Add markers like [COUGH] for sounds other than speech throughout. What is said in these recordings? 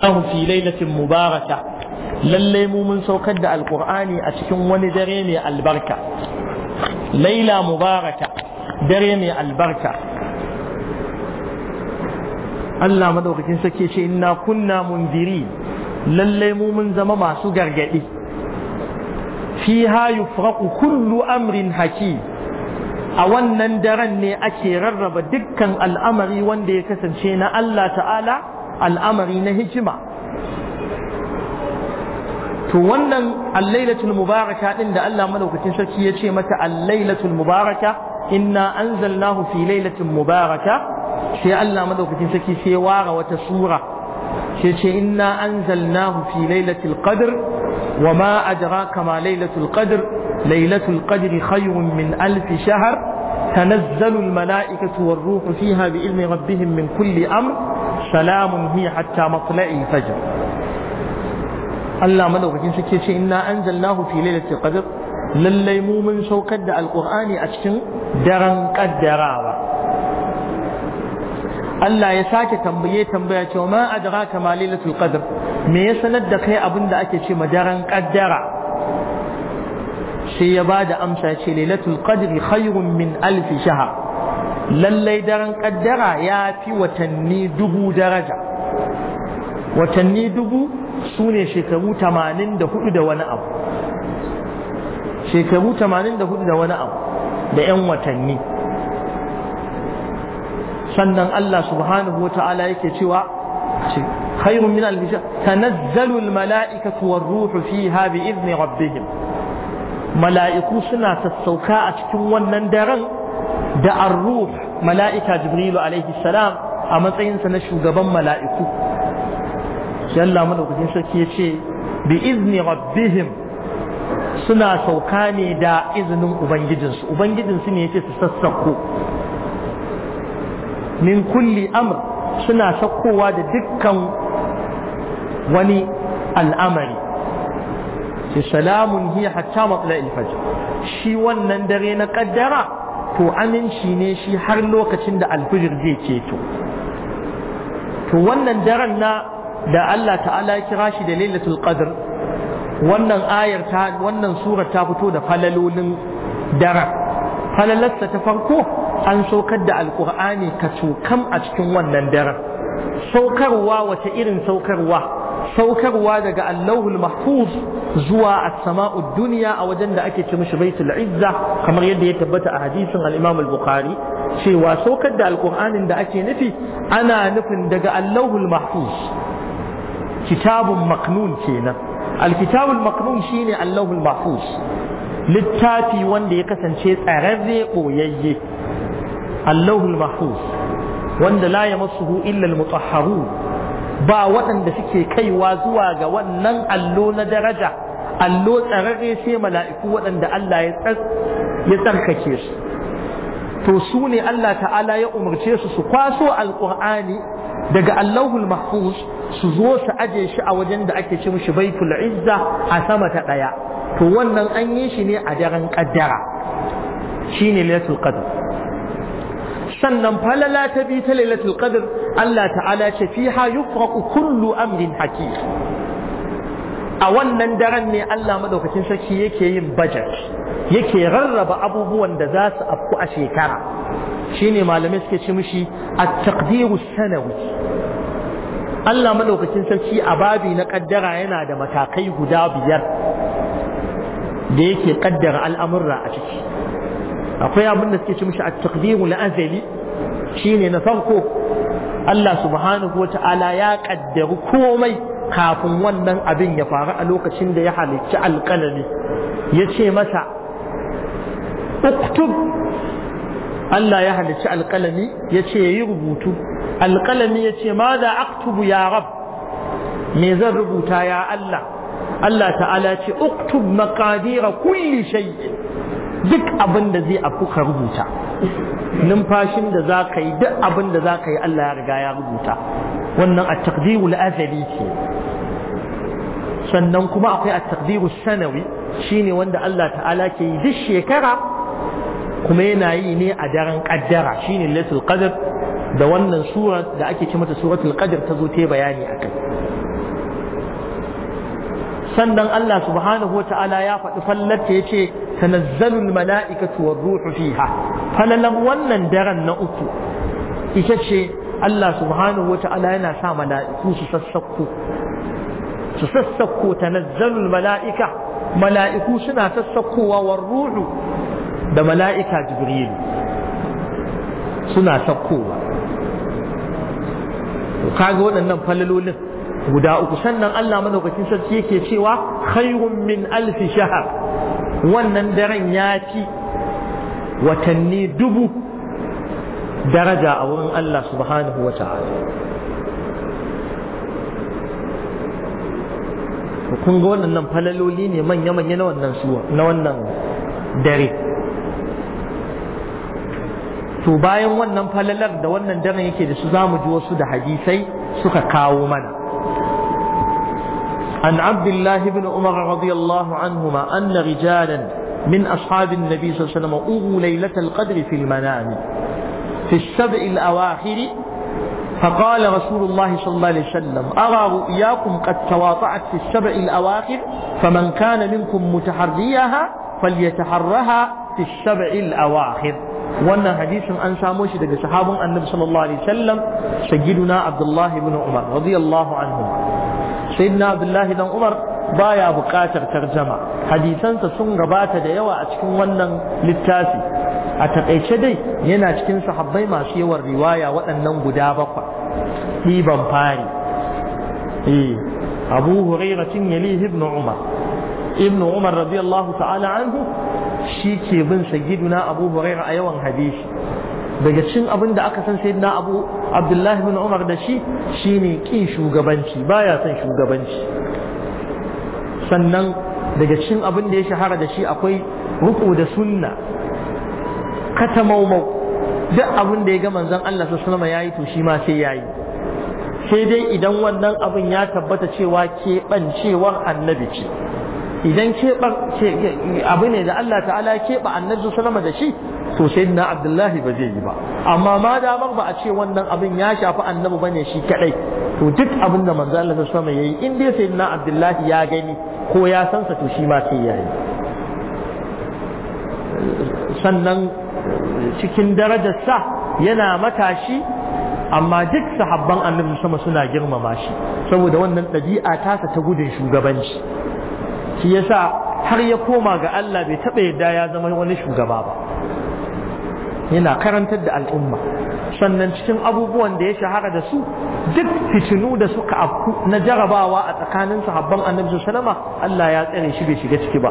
Allahu fi lailatin mubaraka lalle mu mun saukar da alqur'ani a cikin wani dare mai albarka laila mubaraka dare mai albarka Allah madaukakin sake ce inna kunna mundiri lalle mu mun zama masu gargadi fiha yufraqu kullu amrin haki a wannan daren ne ake rarraba dukkan al'amari wanda ya kasance na Allah ta'ala al'amari na hikima to wannan allailatul mubaraka din da Allah malaukacin sarki ya ce mata allailatul mubaraka inna anzalnahu fi lailatin mubaraka sai Allah malaukacin sarki sai ya ware wata sura sai ce inna anzalnahu fi lailatul qadr wa ma adraka ma lailatul qadr lailatul qadr khayrun min alf shahr tanazzalu al تنزل الملائكة والروح فيها بإذن rabbihim min kulli amr salamun hiya hatta matla'il fajr Allah madaukakin suke ce inna anzalnahu fi lailatul qadr lallai mu mun saukar da alqur'ani a cikin daren kaddarawa Allah ya sake tambaye tambaya cewa ma adraka ma lailatul qadr me ya sanar da kai abin da ake ce ma daren kaddara sai ya ba da amsa ce lailatul qadr khairun min alf shahr lallai daren kaddara ya fi watanni dubu daraja watanni dubu su ne shekaru tamanin da hudu da wani abu shekaru tamanin da hudu da wani abu da 'yan watanni sannan Allah subhanahu wa ta'ala yake cewa khairun min al-bishar tanazzalu al-mala'ikatu war-ruhu fiha bi idni rabbihim mala'iku suna sassauka a cikin wannan daren da arruf mala'ika jibrilu alaihi salam a matsayinsa na shugaban mala'iku sai Allah sarki ya ce bi izni rabbihim suna sauka ne da izinin ubangijinsu ubangijinsu ne yace su sassako min kulli amr suna sakkowa da dukkan wani al'amari sai salamun hiya hatta matla'il shi wannan dare na kaddara to aminci ne shi har lokacin da alfijir zai ceto to wannan daren na da Allah ta'ala ya kira shi da lailatul qadr wannan ayar ta wannan sura ta fito da falalolin daren falalarsa ta farko an saukar da alkur'ani ka cokam a cikin wannan daren saukarwa wace irin saukarwa saukarwa daga allahul mahfuz zuwa as dunya a wajen da ake ce mishi baitul izza kamar yadda ya tabbata a hadisin al-imam al-bukhari cewa saukar da alqur'anin da ake nufi ana nufin daga allahul mahfuz kitabun maknun kenan alkitabul kitabul maknun shine allahul mahfuz littafi wanda ya kasance tsararre boyayye allahul mahfuz wanda la yamassuhu illa al-mutahharun ba waɗanda suke kaiwa zuwa ga wannan allo na daraja allo tsararre sai mala'iku waɗanda Allah ya tsarkake su to su ne Allah ta'ala ya umarce su su kwaso alƙur'ani daga allahul mahfuz su zo su aje shi a wajen da ake ce mishi baitul izza a sama ta ɗaya to wannan an yi shi ne a daren ƙaddara shine ne qadr sannan falala ta bi ta lailatul qadr Allah ta'ala ce fiha yufraqu kullu amrin hakim a wannan daren ne Allah madaukakin sarki yake yin budget yake rarraba abubuwan da za su afku a shekara shine malamai suke ci mishi at-taqdiru sanawi Allah madaukakin sarki a babi na kaddara yana da matakai guda biyar da yake kaddara al'amurra a ciki akwai abin da suke ci mishi at-taqdiru al-azali shine na farko Allah subhanahu wata'ala ya kaddari komai kafin wannan abin ya faru a lokacin da ya halicci alƙalami ya ce masa uktub Allah ya halicci alƙalami ya ce ya yi rubutu alƙalami ya ce ma da aktubu ya rab me zan rubuta ya Allah Allah ta'ala ce uktub maqadira kulli shay'in duk abin da zai afku ka rubuta numfashin da za ka yi duk abin da za ka yi Allah ya riga ya rubuta wannan a takdirul azali ce sannan kuma akwai a takdirul sanawi shine wanda Allah ta'ala ke yi duk shekara kuma yana yi ne a daren kaddara shine latul qadr da wannan sura da ake ce mata suratul qadr ta zo ta bayani akai sannan Allah subhanahu wa ta'ala ya faɗi fallata ya ce tanazzalul mala'ikatu war ruhu fiha falalan wannan daren na uku ita ce Allah subhanahu wata'ala yana sa mala'iku su sassako, su sassako tanazzalul mala'ika mala'iku suna sassakkowa war ruhu da mala'ika jibril suna sakkowa kaga waɗannan falalolin guda uku sannan Allah madaukakin sarki yake cewa khairun min alfi shahar wannan daren ya ci watanni dubu daraja a wurin Allah subhanahu wa ta'ala kun ga wannan falaloli ne manya-manya na wannan suwa na wannan dare to bayan wannan falalar da wannan daren yake da su za ji wasu da hadisai suka kawo mana عن عبد الله بن عمر رضي الله عنهما أن رجالا من أصحاب النبي صلى الله عليه وسلم أووا ليلة القدر في المنام في السبع الأواخر فقال رسول الله صلى الله عليه وسلم أرى رؤياكم قد تواطعت في السبع الأواخر فمن كان منكم متحريها فليتحرها في السبع الأواخر wannan hadisin an samo النبي صلى الله عليه وسلم سيدنا عبد الله بن عمر رضي الله عنهما na abdullahi dan umar baya buƙatar tarjama hadisansa sun gabata da yawa a cikin wannan littafi a taƙaice dai yana cikin sahabbai masu yawan riwaya waɗannan guda bakwa ɗiban fari eh, abu huraira cin yali ibn umar ibn umar radiyallahu ta'ala anhu shi ke bin sayyiduna abu huraira a yawan hadisi daga cikin abin da aka san sai na abu abdullahi bin umar da shi shi ne ƙin shugabanci baya son shugabanci sannan daga cin abin da ya shahara da shi akwai ruku da sunna kata maumau duk abin da ya ga manzon Allah sallallahu alaihi yi to shi ma sai yayi sai dai idan wannan abin ya tabbata cewa keɓancewar annabi ce idan keɓar abu ne da Allah ta'ala keɓa annabi sallallahu alaihi da shi to na abdullahi ba zai yi ba amma ma damar ba a ce wannan abin ya shafi annabi bane shi kadai to duk abin da manzo Allah sallallahu alaihi yayi in dai na abdullahi ya gani ko ya san sa to shi ma sai yayi sannan cikin darajar sa yana matashi amma duk sahabban annabi sama suna girmama shi saboda wannan ɗabi'a tasa ta gudun shugabanci shi yasa har ya koma ga Allah bai taɓa yadda ya zama wani shugaba ba yana karantar da al'umma sannan cikin abubuwan da ya shahara da su duk fitinu da suka afku na jarabawa a tsakanin sahabban annabi sallama Allah ya tsare shi bai shiga ciki ba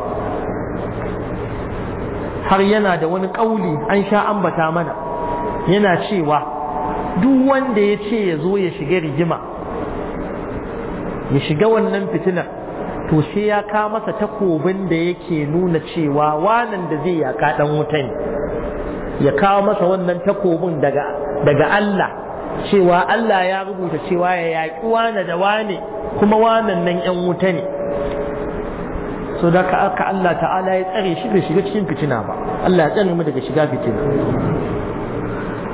har yana da wani kauli an sha ambata mana yana cewa duk wanda ya ce ya zo ya shiga rigima ya shiga wannan fitinar to sai ya ka masa takobin da yake nuna cewa wanan da zai yaka dan wuta ne ya kawo masa wannan takobin daga daga Allah cewa Allah ya rubuta cewa ya yaƙi wane da wane kuma wanan nan ‘yan wuta ne so da aka Allah ta'ala ya tsare shi bai shiga cikin fitina ba Allah ya tsare mu daga shiga fitina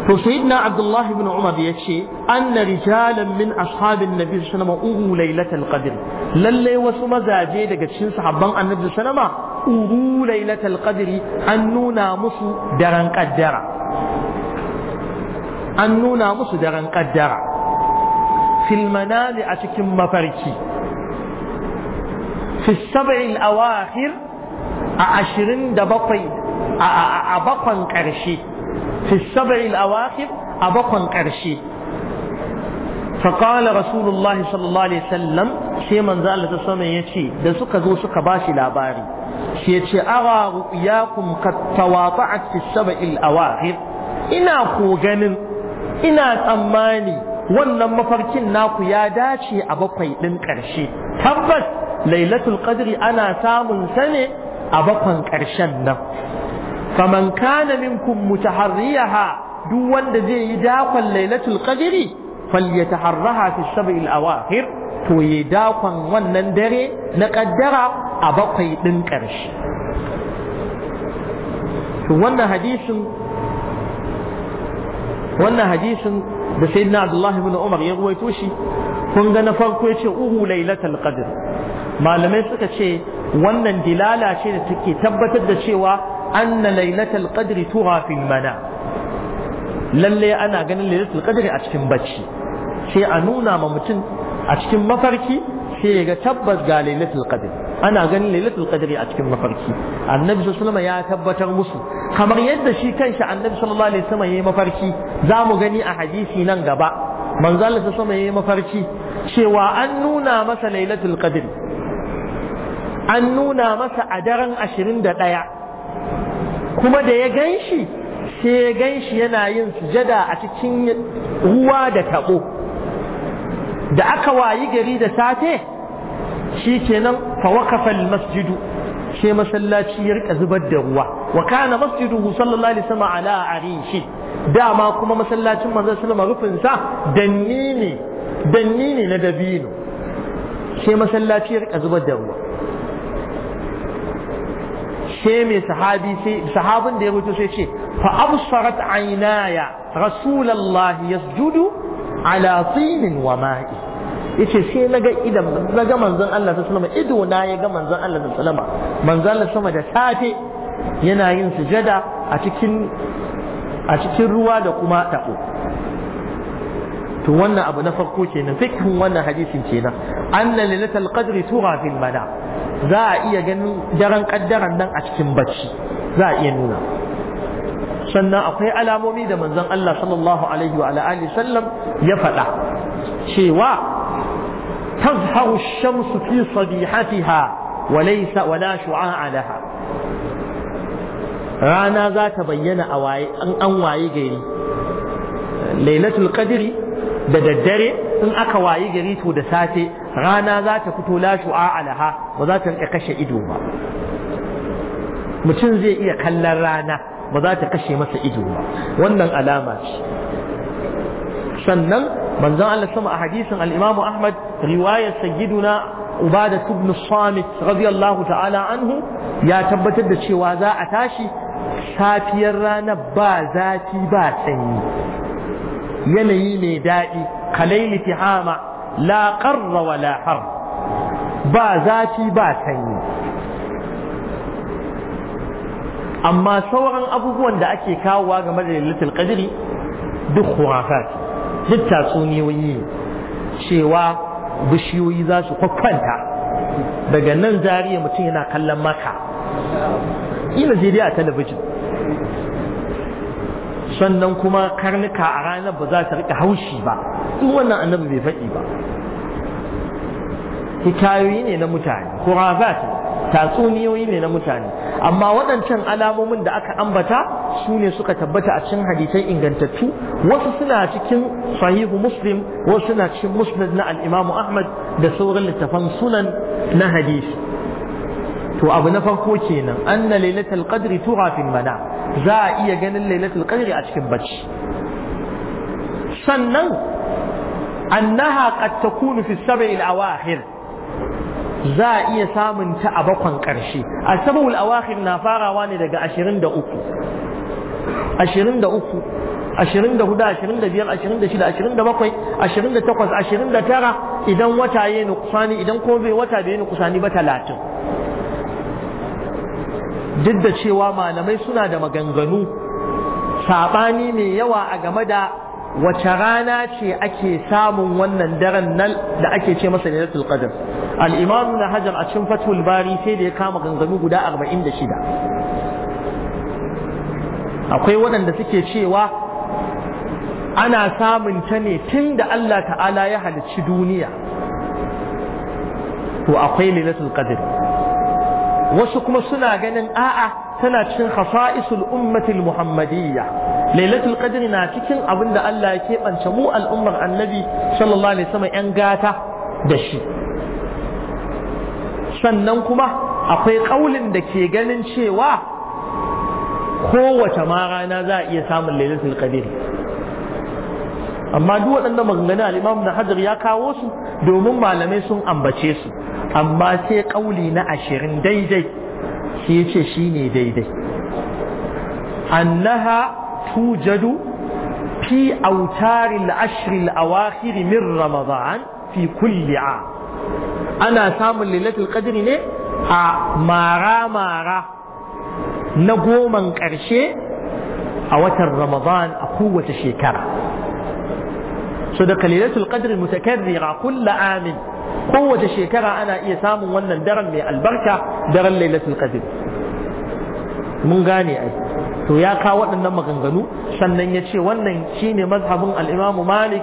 to sayyidina Abdullah ibn Umar ya ce anna rijalan min ashabin nabi sallallahu alaihi wasallam uru lailatul qadr lalle wasu mazaje daga cikin sahabban annabi sallallahu alaihi wasallam uru lailatul qadri an nuna musu daren kaddara an nuna musu daren kaddara fil manami a cikin mafarki fi sab'il awakhir a ashirin da bakwai a bakwan ƙarshe fi sab'il awakhir a bakwan ƙarshe فقال رسول الله صلى الله عليه وسلم sai manzo Allah ta sama ya ce da suka zo suka bashi labari shi ya ce awa ru'yakum qad tawata'at fi sab'il awakhir ina ko ganin ina tsammani wannan mafarkin naku ya dace a bakwai din karshe tabbas lailatul qadri ana samun sane a bakwan karshen nan faman kana minkum mutaharriyaha duk wanda zai yi dakon lailatul qadri falyataharraha fi sab'il awakhir to dakon wannan dare na kaddara a bakwai ɗin ƙarshe wannan hadisin da sai na Abdullahi bin Umar ya ruwaito shi kun ga na farko ya ce uhu lailatul qadr malamai suka ce wannan dilala ce da take tabbatar da cewa anna lailatul qadr tuha fil mana lalle ana ganin lailatul qadr a cikin bacci sai a nuna ma mutum a cikin mafarki sai ga tabbas ga lailatul qadr ana ganin lailatul qadri a cikin mafarki annabi sallallahu alaihi ya tabbatar musu kamar yadda shi kanshi annabi sallallahu alaihi wasallam yayi mafarki zamu gani a hadisi nan gaba manzo Allah sallallahu alaihi mafarki cewa an nuna masa lailatul qadr an nuna masa a daren 21 kuma da ya ganshi sai ya ganshi yana yin sujada a cikin ruwa da tabo da aka wayi gari da safe shikenan kenan fa waqafa al-masjid sai masallaci ya rika zubar da ruwa wa kana masjiduhu sallallahu alaihi wasallam ala arishi dama kuma masallacin manzon sallama rufin sa danni ne danni ne na dabino sai masallaci ya rika zubar da ruwa sai mai sahabi sai sahabin da ya rubuto sai ce fa absarat aynaya rasulullah yasjudu ala tinin wa ma'i yace sai naga idan naga manzon Allah sallallahu alaihi ido na ya ga manzon Allah sallallahu alaihi manzon Allah sama da safe yana yin sujada a cikin a cikin ruwa da kuma tako to wannan abu na farko kenan fikhun wannan hadisin kenan anna lailatul qadri tura fil mana za a iya ganin daren kaddaran nan a cikin bacci za a iya nuna sannan akwai alamomi da manzon Allah sallallahu alaihi wa alihi sallam ya faɗa cewa tazharu shamsu fi sabihatiha wa laysa wala shu'a laha rana za ta bayyana a waye an an waye gari lailatul qadri da daddare in aka waye gari to da safe rana za ta fito la shu'a alaha ba za ta kashe ido ba mutum zai iya kallon rana ba za ta kashe masa ido ba wannan alama ce sannan manzon Allah sama a hadisin al-Imam Ahmad riwayar sayyiduna Ubada ibn Samit radiyallahu ta'ala anhu ya tabbatar da cewa za a tashi safiyar ranar ba zafi ba sanyi yanayi mai daɗi kalaili tihama la qarra wa la har ba zafi ba sanyi amma sauran abubuwan da ake kawowa game da lailatul qadri duk khurafat duk tatsuniyoyi cewa bishiyoyi za su kwakwanta daga nan zariya mutum yana kallon maka ina zai dai a talabijin sannan kuma karnuka a ranar ba za ta rika haushi ba in wannan annabi bai faɗi ba hikayoyi ne na mutane kurafat tatsuniyoyi ne na mutane amma waɗancan alamomin da aka ambata su ne suka tabbata a cikin hadisai ingantattu wasu suna cikin sahihu muslim wasu suna cikin musnad na al-imamu ahmad da sauran littafan sunan na hadisi to abu na farko kenan anna lailatul qadri tuha fil mana za a iya ganin lailatul qadri a cikin bacci sannan annaha qad takunu fi sab'il awahir za a iya samun ta a bakon ƙarshe a sabawul awakhir na farawa ne daga 23 23 24 25 26 27 28 29 idan wata ya yi nukusani idan kuma bai wata bai nukusani ba 30 duk da cewa malamai suna da maganganu saɓani mai yawa a game da wace rana ce ake samun wannan daren nan da ake ce masa lailatul qadr al na hajar a cikin fathul bari sai da ya kama gangami guda 46 akwai waɗanda suke cewa ana samun ta ne tun da Allah ta'ala ya halicci duniya to akwai lailatul qadr wasu kuma suna ganin a'a tana cikin khasa'isul ummatil muhammadiyya lailatul qadr na cikin abin da Allah ya keɓance mu al'ummar annabi sallallahu alaihi wasallam yan gata da shi sannan kuma akwai ƙaulin da ke ganin cewa kowace marana za a iya samun lailatul qadr amma duk waɗanda maganganun al-Imam da Hajar ya kawo su domin malamai sun ambace su amma sai ƙauli na ashirin daidai shi ce shi ne daidai annaha tujadu fi autari al a min ramadan fi kulli'a ana samun lailatul qadri ne a mara-mara na goman ƙarshe a watan ramadan a kowace shekara so da lailatul qadri mutakarrira kulla amin kowace shekara ana iya samun wannan daren mai albarka daren lailatul qadri mun gane ai to ya kawo waɗannan maganganu sannan ya ce wannan shine mazhabin al-imamu malik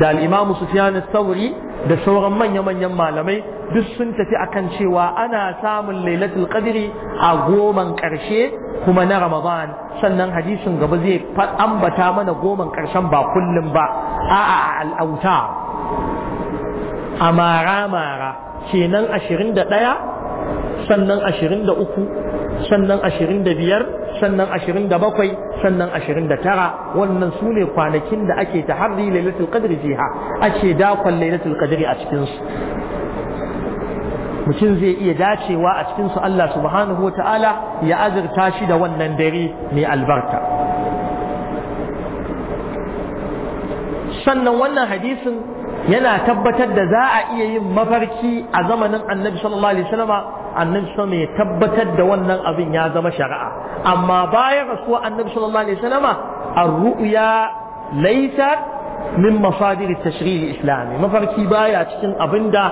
da al-imamu sufyan sauri da sauran manya-manyan malamai duk sun tafi a kan cewa ana samun lailatul qadri a goman ƙarshe kuma na ramadan sannan hadisin gaba zai ambata mana goman ƙarshen ba kullum ba a'a al'auta a mara-mara kenan ashirin da ɗaya sannan ashirin da uku sannan ashirin da biyar sannan ashirin da bakwai sannan ashirin da tara wannan su ne kwanakin da ake ta harri lailatul qadri jiha ake dakon lailatul qadri a cikinsu mutum zai iya dacewa a cikinsu Allah subhanahu wa ta'ala ya azurta shi da wannan dare mai albarka sannan wannan hadisin yana tabbatar da za a iya yin mafarki a zamanin annabi sallallahu alaihi wasallama annabi sallallahu ya tabbatar da wannan abin ya zama shari'a amma bayan rasuwa annabi sallallahu alaihi wasallama ar-ru'ya laysa min masadir at-tashri' islami mafarki baya cikin abinda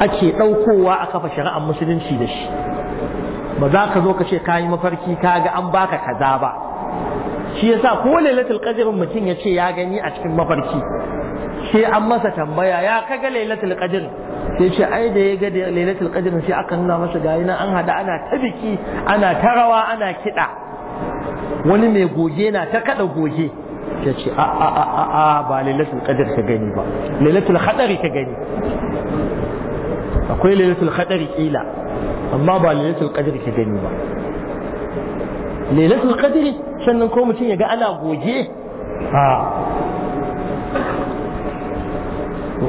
ake daukowa a kafa shari'ar musulunci da shi ba za ka zo ka ce kayi mafarki kaga an baka kaza ba shi ya sa ko lailatul qadr mutum ya ce ya gani a cikin mafarki sai an masa tambaya ya kaga lailatul qadr sai ce ai da ya ga lailatul qadr sai aka nuna masa gayi nan an hada ana ta biki ana ta rawa ana kida wani mai goge na ta kada goge ta ce a a a a ba lailatul qadr ka gani ba lailatul qadr ka gani akwai lailatul qadr kila amma ba lailatul qadr ka gani ba lailatul qadri sannan ko mutum ya ga ana goge a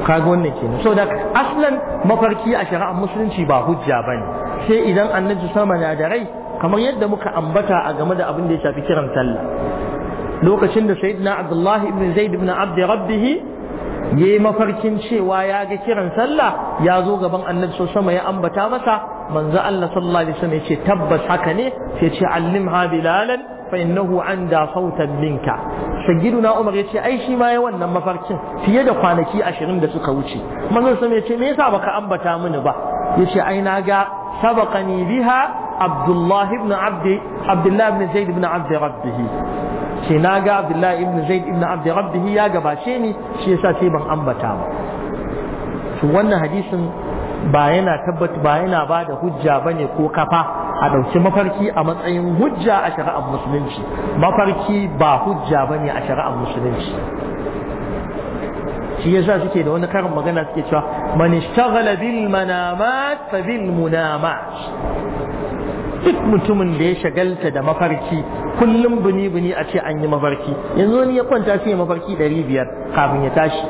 kaga wannan kenan so da aslan mafarki a shari'ar musulunci ba hujja bane sai idan annabi sama na da rai kamar yadda muka ambata a game da abin da ya shafi kiran sallah lokacin da sayyidina abdullahi ibn zaid ibn abd rabbih ya yi mafarkin cewa ya ga kiran sallah ya zo gaban annabi sosai sama ya ambata masa manzo Allah sallallahu alaihi wasallam ya ce tabbas haka ne sai ce ha bilalan fa innahu anda sautan minka sayyiduna umar yace ai shi ma ya wannan mafarkin fiye da kwanaki 20 da suka wuce manzo sama ya ce me yasa baka ambata mini ba yace ai na ga sabaqani biha abdullahi ibn abdi abdullahi ibn zaid ibn abdi rabbih ce na ga abdullahi ibn zaid ibn abdi rabbihi ya gabace ni shi yasa sai ban ambata ba to wannan hadisin ba yana tabbat ba yana ba da hujja bane ko kafa a ɗauki mafarki a matsayin hujja a shari'ar musulunci mafarki ba hujja bane a shari'ar musulunci shi yasa suke da wani karin magana suke cewa man ishtaghala bil manamat fa bil munamat duk mutumin da ya shagalta da mafarki kullum buni buni a ce an yi mafarki yanzu wani ya kwanta sai mafarki ɗari biyar kafin ya tashi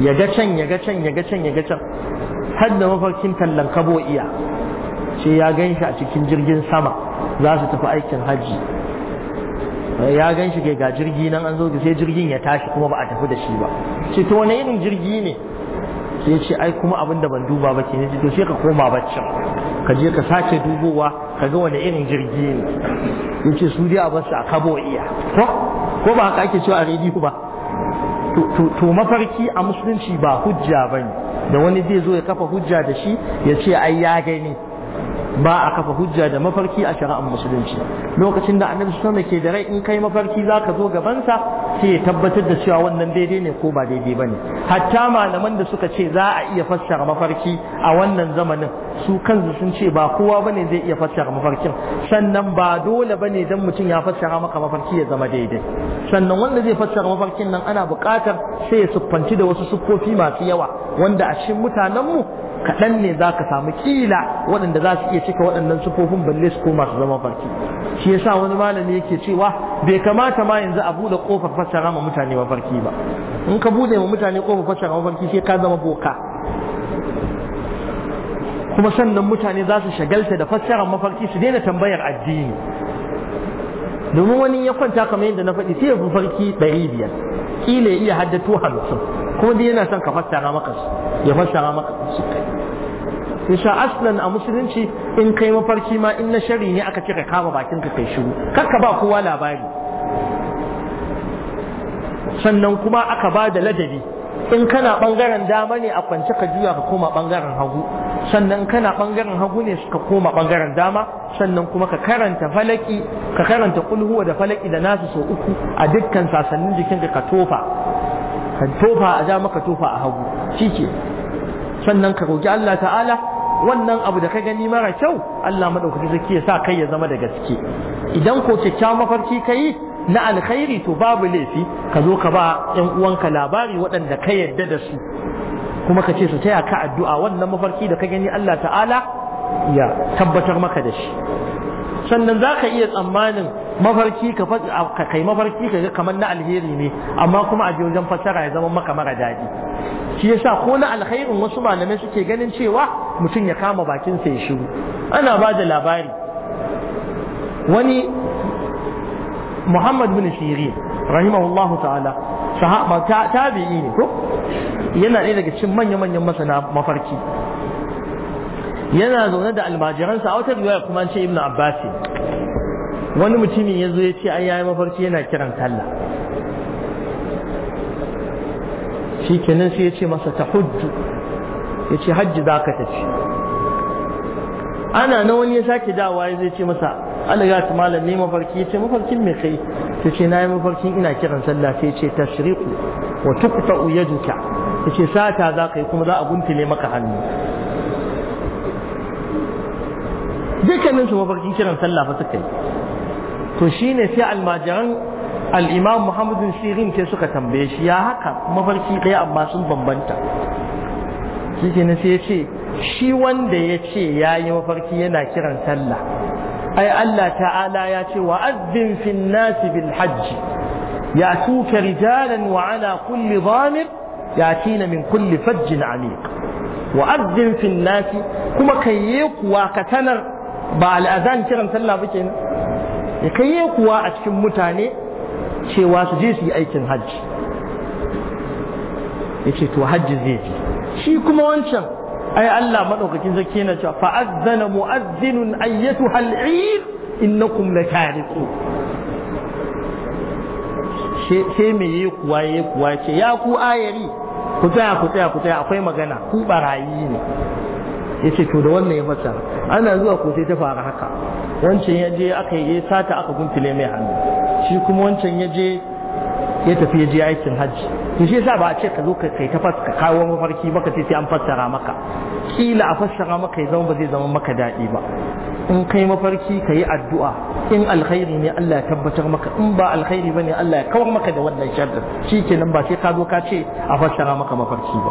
ya ga can ya ga can ya ga can ya ga can har mafarkin tallan kabo iya ce ya gan shi a cikin jirgin sama za su tafi aikin hajji ya gan shi ga jirgi nan an zo sai jirgin ya tashi kuma ba a tafi da shi ba ce to wani irin jirgi ne sai ce ai kuma abin da ban duba ba ke ne to sai ka koma baccin ka je ka sake dubowa Ka ga wani irin jirgi ne ce su dai a basu a kabo iya ko ba haka ake cewa a rediyo ba to mafarki a musulunci ba hujja bane da wani zai zo ya kafa hujja da shi ya ce ai ya gani ba a kafa hujja da mafarki a shari'ar musulunci lokacin da annabi sallallahu ke da rai in kai mafarki zaka zo gabansa sai ya tabbatar da cewa wannan daidai ne ko ba daidai bane hatta malaman da suka ce za a iya fassara mafarki a wannan zamanin su kansu sun ce ba kowa bane zai iya fassara mafarkin sannan ba dole bane dan mutum ya fassara maka mafarki ya zama daidai sannan wanda zai fassara mafarkin nan ana buƙatar sai ya siffanci da wasu siffofi masu yawa wanda a cikin mutanenmu kaɗan ne za ka samu kila waɗanda za su iya cika waɗannan sufofin balle su koma su zama baki shi sa wani malami yake cewa bai kamata ma yanzu a buɗe ƙofar fassara ma mutane mafarki ba in ka buɗe ma mutane ƙofar fassara mafarki sai ka zama boka kuma sannan mutane za su shagalta da fassarar mafarki su daina tambayar addini domin wani ya kwanta kamar yadda na faɗi sai ya fi farki ɗari biyar ƙila ya iya haddato hamsin kuma dai yana son ka fassara maka su ya fassara maka su kai yasa aslan a musulunci in kai mafarki ma in na shari ne aka ce ka kama bakin ka kai shiru kakka ba kowa labari sannan kuma aka ba da ladabi in kana bangaren dama ne a kwance ka juya ka koma bangaren hagu sannan kana bangaren hagu ne ka koma bangaren dama sannan kuma ka karanta falaki ka karanta kulhuwa da falaki da nasu sau uku a dukkan sasannin jikinka ka tofa ka tofa a dama ka tofa a hagu shi ke sannan ka roki Allah ta'ala wannan abu da ka gani mara kyau Allah madaukaki zai sa kai ya zama da gaske idan ko kyakkyawan mafarki kai na alkhairi to babu laifi ka zo ka ba yan uwanka labari waɗanda ka yarda da su kuma ka ce su taya ka addu'a wannan mafarki da ka gani Allah ta'ala ya tabbatar maka da shi sannan za ka iya tsammanin mafarki ka kai mafarki ka kamar na alheri ne amma kuma a wajen fassara ya zama maka mara daɗi shi yasa ko na alkhairin wasu malamai suke ganin cewa mutum ya kama bakinsa ya shiru ana ba da labari wani muhammad bin sirin rahimahullahu ta'ala sahaba tabi'i ne ko yana ɗaya daga cikin manya-manyan masana mafarki yana zaune da almajiransa a wata riwaya kuma ce ibnu abbasi wani mutumin ya zo ya ce ai yayi mafarki yana kiran kala. shi kenan sai ya ce masa tahujju ya ce hajji za ka tafi ana na wani ya sake dawa ya zai ce masa Allah ya ta malam ne mafarki ya ce mafarkin mai kai ta ce na yi mafarkin ina kiran sallah sai ce ta tashriku wa tuqta'u duka ta ce sata za ka yi kuma za a guntule maka hannu dukkanin su mafarkin kiran sallah fa suka yi to shi ne sai almajiran al-imam Muhammad bin Sirin sai suka tambaye shi ya haka mafarki ɗaya amma sun bambanta shi kenan sai ya ce shi wanda ya ce ya yi mafarki yana kiran sallah ai Allah ta'ala ya ce wa azzin fin nasi bil hajji ya tuka rijalan wa ala kulli zamir tina min kulli fajjin amiq wa azzin fin nasi kuma kayye kuwa ka sanar ba al'azan kiran sallah ba kenan ya kayye kuwa a cikin mutane cewa su je su yi aikin hajji yace to hajji zai je shi kuma wancan ai Allah madaukakin sarki yana cewa fa azzana mu'azzinun ayyatu al innakum lakariqu sai me yi kuwa yi kuwa ce ya ku ayari ku tsaya ku tsaya ku tsaya akwai magana ku barayi ne yace to da wannan ya fasa ana zuwa ko sai ta fara haka wancan ya je aka yi sata aka guntule mai hannu shi kuma wancan ya je ya tafi ya je aikin hajji to shi yasa ba a ce ka zo kai ta ka kawo mafarki ba ka ce sai an fassara maka kila a fassara maka ya zama ba zai zama maka daɗi ba in kai mafarki ka yi addu'a in alkhairi ne Allah ya tabbatar maka in ba alkhairi ba ne Allah ya kawar maka da wannan sharrin shi kenan ba sai ka zo ka ce a fassara maka mafarki ba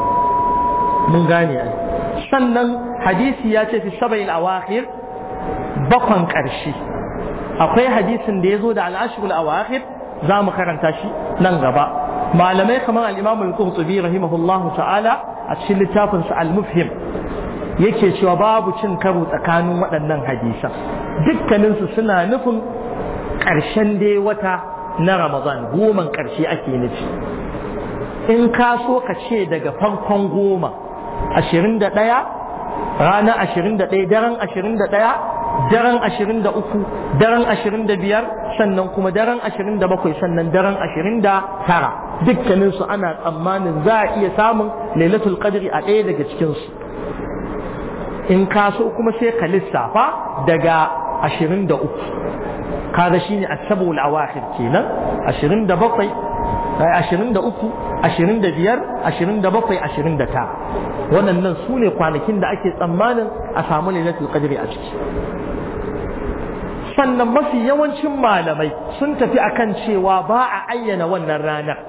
mun gane ai sannan hadisi ya ce fi sabail awakhir bakon ƙarshe akwai hadisin da ya zo da al'ashirul awakhir za mu karanta shi nan gaba malamai kamar al-imamu al-qurtubi rahimahullah ta'ala a cikin littafin sa al-mufhim yake cewa babu cin karo tsakanin waɗannan hadisan dukkaninsu suna nufin ƙarshen dai wata na ramadan goma ƙarshe ake nufi in ka so ka ce daga farkon goma ashirin da ɗaya ranar ashirin da ɗaya daren ashirin da ɗaya daren ashirin da uku daren ashirin da biyar sannan kuma daren ashirin da bakwai sannan daren ashirin da tara dukkaninsu ana tsammanin za a iya samun lailatul qadri a ɗaya daga cikinsu in ka so kuma sai ka lissafa daga ashirin da uku kaga shine asabul awakhir kenan ashirin da bakwai eh, ashirin da uku ashirin da biyar ashirin da bakwai ashirin da tara waɗannan su ne kwanakin da ake tsammanin a samu lailatul qadri a ciki sannan mafi yawancin malamai sun tafi akan cewa ba a ayyana wannan ranar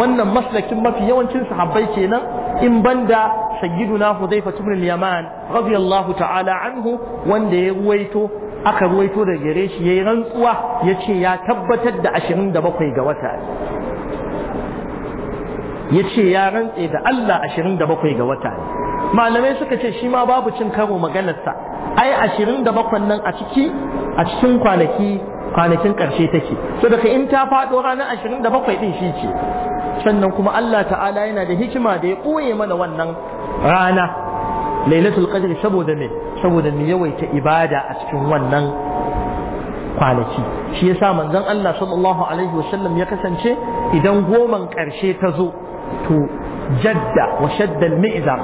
wannan maslakin mafi yawancin sahabbai kenan in banda sayyiduna Hudhayfa ibn al-Yaman radiyallahu ta'ala anhu wanda ya ruwaito aka ruwaito da gare shi yayi rantsuwa yace ya tabbatar da 27 ga wata yace ya rantse da Allah 27 ga wata malamai suka ce shi ma babu cin karo maganarsa ai ashirin da bakwan nan a ciki a cikin kwanaki kwanakin ƙarshe take so daga in ta faɗo ranar ashirin da bakwai ɗin shi ce sannan kuma Allah ta'ala yana da hikima da ya ɓoye mana wannan rana lailatul qadr saboda me saboda mu yawaita ibada a cikin wannan kwanaki shi yasa manzon Allah sallallahu alaihi wasallam ya kasance idan goman ƙarshe ta zo to jadda wa shadda al-mi'zar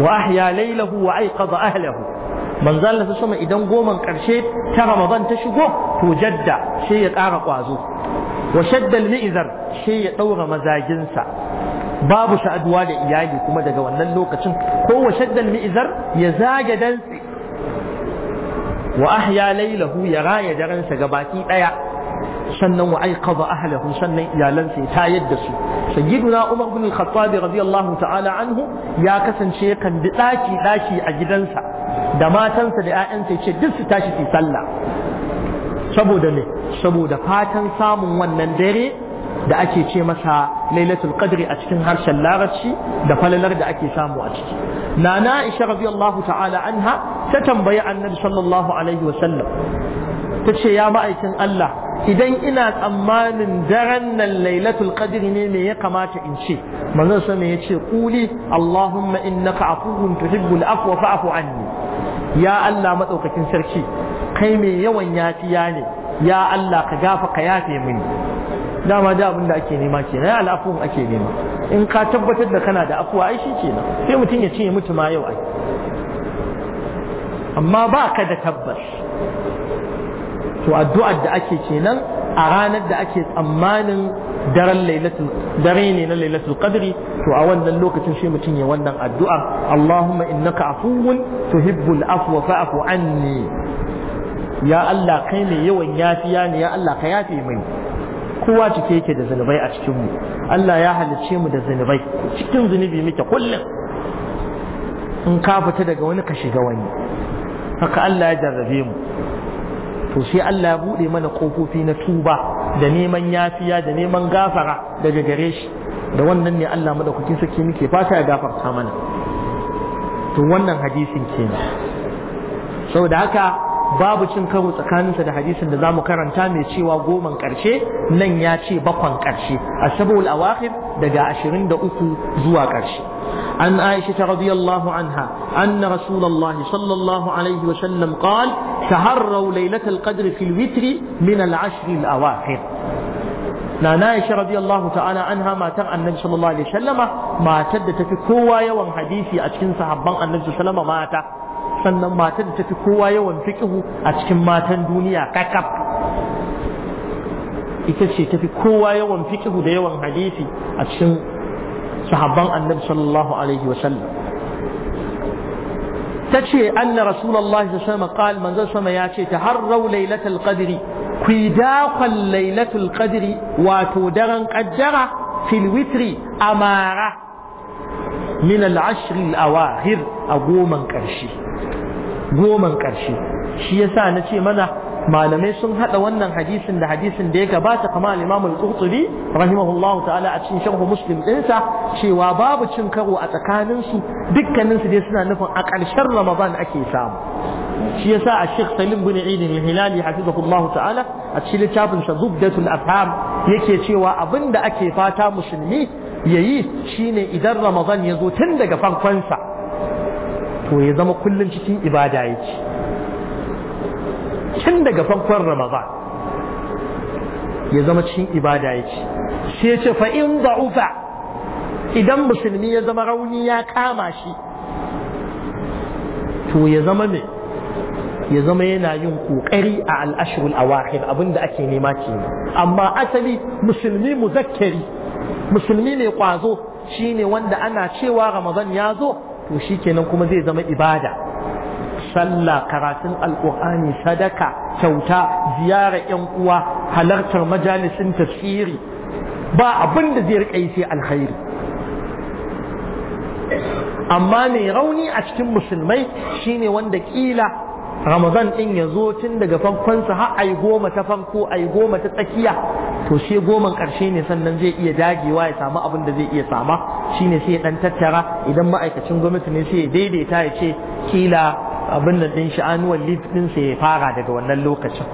wa ahya laylahu wa ayqadha ahlahu manzo Allah ta sama idan goman karshe ta Ramadan ta shigo to jadda sai ya ƙara kwazo wa shadda al sai ya daura mazaginsa babu sha'aduwa da iyali kuma daga wannan lokacin ko wa shadda al ya zage dantsi wa ahya laylahu ya raya daransa gabaki daya sannan wa aiqadha ahlahu sannan iyalansa ya tayar da su sayyiduna umar ibn al-khattab radiyallahu ta'ala anhu ya kasance yakan bi daki daki a gidansa da matansa da ƴaƴansa yace duk su tashi su sallah saboda ne saboda fatan samun wannan dare da ake ce masa lailatul qadri a cikin harshen larabci da falalar da ake samu a ciki nana aisha radiyallahu ta'ala anha ta tambayi annabi sallallahu alaihi wa sallam tace ya ma'aikin Allah idan ina tsammanin daren nan lailatul qadr ne me ya kamata in ce manzon sama ya ce quli allahumma innaka afuwun tuhibbul afwa fa'fu anni ya Allah madaukakin sarki kai mai yawan yafiya ne ya Allah ka gafa ka yafe mini dama da abin da ake nema kenan ya al'afuwun ake nema in ka tabbatar da kana da afuwa ai shi kenan sai mutum ya ce ya mutu ma yau ai amma ba ka da tabbas to addu'ar da ake kenan a ranar da ake tsammanin daren lailatul dare ne na lailatul qadri to a wannan lokacin shi mutum ya wannan addu'a Allahumma innaka afuwun tuhibbul afwa fa'fu anni ya Allah kai mai yawan yafiya ne ya Allah ka yafe mini kowa cike yake da zunubai a cikin mu Allah ya halicce mu da zunubai cikin zunubi muke kullum in ka fita daga wani ka shiga wani haka Allah ya jarrabe mu to Allah ya buɗe mana ƙofofi na tuba da neman yafiya da neman gafara daga gare shi da wannan ne Allah madaukakin sarki muke fata ya gafarta mana to wannan hadisin kenan saboda haka babu cin karo tsakaninsa da hadisin da zamu karanta mai cewa goman karshe nan ya ce bakwan karshe asabul awakhir daga uku zuwa karshe an aisha radiyallahu anha anna rasulullahi sallallahu alaihi wa sallam qala تهروا ليلة القدر في الوتر من العشر الأواخر نانا عائشة رضي الله تعالى عنها ما تر النبي صلى الله عليه وسلم ما تد تفي يوم حديثي أتكن صحبان النبي صلى الله عليه وسلم ما sannan matar da tafi kowa yawan fiƙihu a cikin matan duniya kakaf ita ce tafi kowa yawan fiƙihu da yawan hadisi a cikin sahabban annabi sallallahu alaihi wasallam tace an rasulullahi sallallahu alaihi wasallam qal manzon sama ya ce taharrau lailatul qadri ku dakon lailatul qadri wato daren ƙaddara fil witri amara min al awahir a goman karshe goman karshe shi yasa ce mana malamai sun hada wannan hadisin da hadisin da ya gabata kama al-Imam al-Qurtubi rahimahullahu ta'ala a cikin sharh Muslim ɗinsa cewa babu cin karo a tsakanin su dukkanin su dai suna nufin a ƙarshen Ramadan ake samu shi yasa a Sheikh Salim bin Eid al-Hilali hafizahullahu ta'ala a cikin littafin sa Zubdatul Afham yake cewa abinda ake fata musulmi yayi shine idan Ramadan ya zo tun daga farkonsa to ya zama kullun cikin ibada yake tun daga farkon ramadan ya zama cikin ibada ya ce. sai ya ce fa in idan musulmi ya zama rauni ya kama shi to ya zama ne, ya zama yana yin kokari a al'ashirul awahir abinda ake nema ke amma asali musulmi muzakkari musulmi mai kwazo shine wanda ana cewa ramadan ya zo to shi kenan kuma zai zama ibada sallah karatun alƙur'ani sadaka kyauta ziyara yan uwa halartar majalisin tafsiri ba abin da zai riƙa yi sai alkhairi amma mai rauni a cikin musulmai shine wanda kila ramadan ɗin ya zo tun daga farkonsa har ai goma ta farko ai goma ta tsakiya to sai goman ƙarshe ne sannan zai iya dagewa ya samu abin da zai iya sama shine sai ya dan tattara idan ma'aikacin gwamnati ne sai ya daidaita ya ce kila abin da ɗin shi annual leave sa ya fara daga wannan lokacin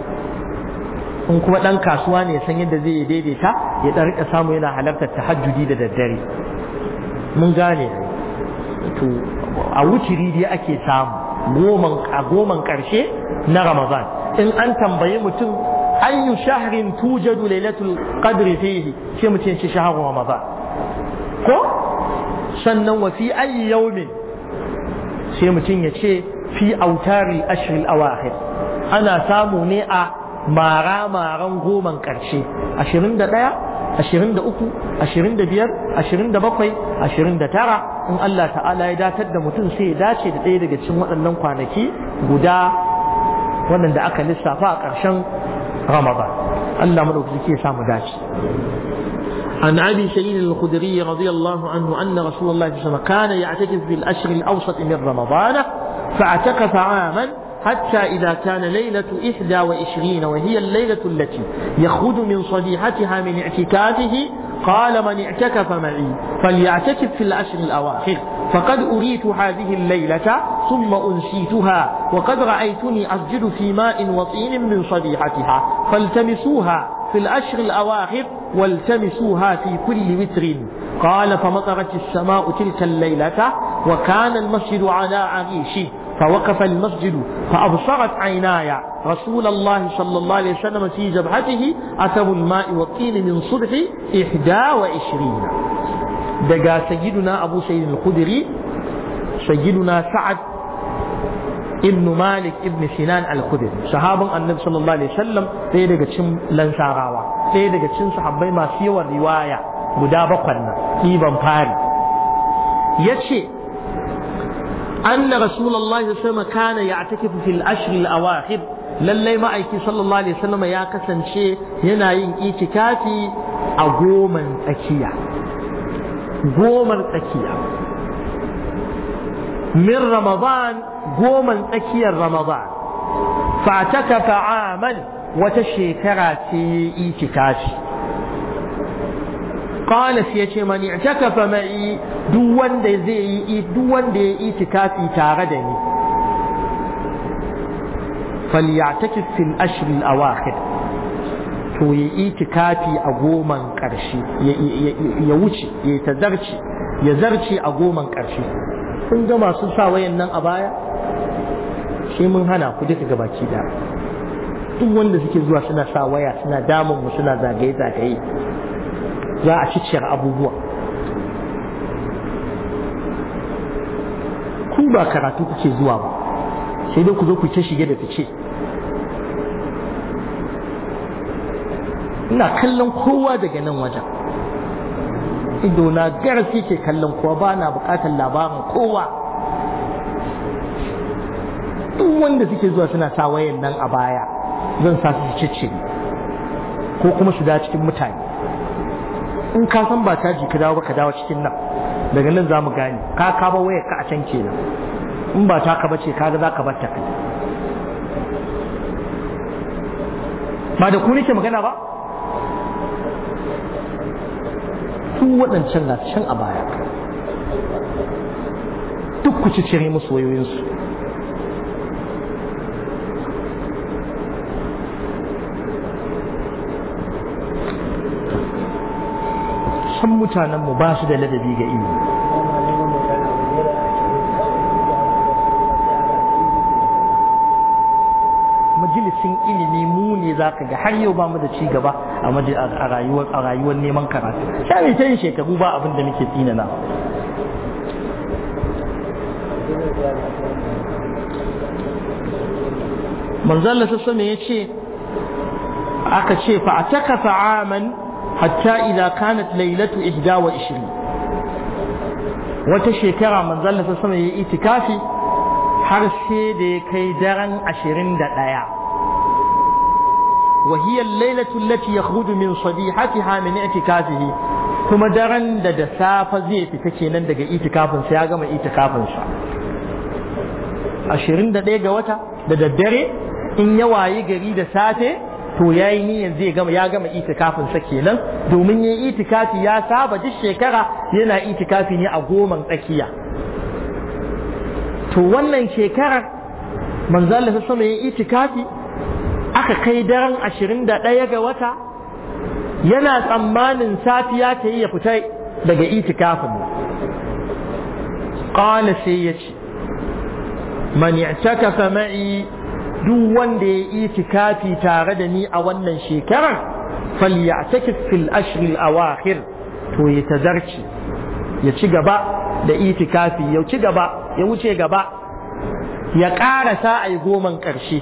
in kuma ɗan kasuwa ne san yadda zai daidaita ya ɗan rika samu yana halartar tahajjudi da daddare mun gane to a wutiri dai ake samu goman a goman ƙarshe na ramadan in an tambayi mutum ayu shahrin tujadu lailatul qadri fihi sai mutum shi shahru ramadan ko sannan wa fi ayi yawmin sai mutum ya ce fi autari ashir al-awakhir ana samu ne a mara maran goman karshe 21 23 25 27 29 in Allah ta'ala ya datar da mutum sai ya dace da ɗaya daga cikin waɗannan kwanaki guda waɗanda aka lissafa a ƙarshen رمضان الله ملوك زكي سامو داش عن أبي سعيد الخدري رضي الله عنه أن رسول الله صلى الله عليه وسلم كان يعتكف في الأشهر الأوسط من رمضان فاعتكف عاما حتى إذا كان ليلة إحدى وعشرين وهي الليلة التي يخرج من صبيحتها من اعتكافه قال من اعتكف معي فليعتكف في العشر الأواخر فقد أريت هذه الليلة ثم أنسيتها وقد رأيتني أسجد في ماء وطين من صبيحتها فالتمسوها في العشر الأواخر والتمسوها في كل وتر قال فمطرت السماء تلك الليلة وكان المسجد على عريشه فوقف المسجد فأبصرت عيناي رسول الله صلى الله عليه وسلم في جبهته أثر الماء والطين من صبح إحدى وعشرين دقا سيدنا أبو سيد الخدري سيدنا سعد ابن مالك ابن سنان الخدري صحابا النبي صلى الله عليه وسلم سيدنا كتشم لنساراوا سيدنا كتشم صحابي ما سيوى الرواية guda bakwai nan ɗiban fari ya ce أن رسول الله صلى الله عليه وسلم كان يعتكف في الأشهر الأواخر lallai ma'aiki sallallahu alaihi wasallam ya kasance yana yin itikafi a goman tsakiya min ramadan goman tsakiyar ramadan fa ta kafa aman wata shekara ce itikafi qala sai yace man i'takafa ma'i duk wanda zai yi duk wanda ya itikafi tare da ni falyatakif fil ashr al awakhir to ya itikafi a goman karshe ya wuce ya tazarci ya zarce a goman karshe kun ga masu sa wayannan a baya shi mun hana ku duka gabaki da duk wanda suke zuwa suna sa waya suna damun mu suna zagaye zagaye za a ciciyar abubuwa ku ba karatu kuke zuwa ba sai dai ku zo ku ta shige da fice ina kallon kowa daga nan wajen ido na garfi ke kallon kowa ba na bukatar labarin kowa duk wanda suke zuwa suna sa wayan nan a baya zan sa su cicci ko kuma su da cikin mutane in ka san ba caji ka dawo ba ka dawo cikin nan daga nan za mu gane ka ka ba waya ka a can kenan in ba ta ka bace ka ga za ka bar ba da ku nake magana ba duk waɗancan na can a baya duk ku ci cire musu wayoyinsu san mutanenmu ba su da ladabi ga ilimi majalisin ilimi mu ne za ka ga har yau ba mu da ci gaba a rayuwar neman karatu sha ta yin shekaru ba abin da muke tsina na. Allah sassa ya ce aka ce fa a taka aman hatta idza kanat lailatu ihda wa wata shekara manzon sama ya itikafi har sai da ya kai daren ashirin da ɗaya وهي الليلة التي يخرج من صديحتها من اعتكافه kuma daren da da safa zai fita kenan daga itikafinsa ya gama itikafinsa ashirin da ɗaya ga wata da daddare in ya wayi gari da safe to ya yi niyan zai gama ya gama itikafin sa kenan domin yayi itikafi ya saba duk shekara yana itikafi ne a goman tsakiya to wannan shekarar manzon Allah sama yin itikafi aka kai daren 21 ga wata yana tsammanin safiya ta yi ya fita daga itikafin qala sai yace man i'takafa ma'i duk wanda ya itikafi tare da ni a wannan shekarar falyatakif fil ashril awakhir to ya tazarci ya ci gaba da itikafi ya ci gaba ya wuce gaba ya ƙara sa'ai goman ƙarshe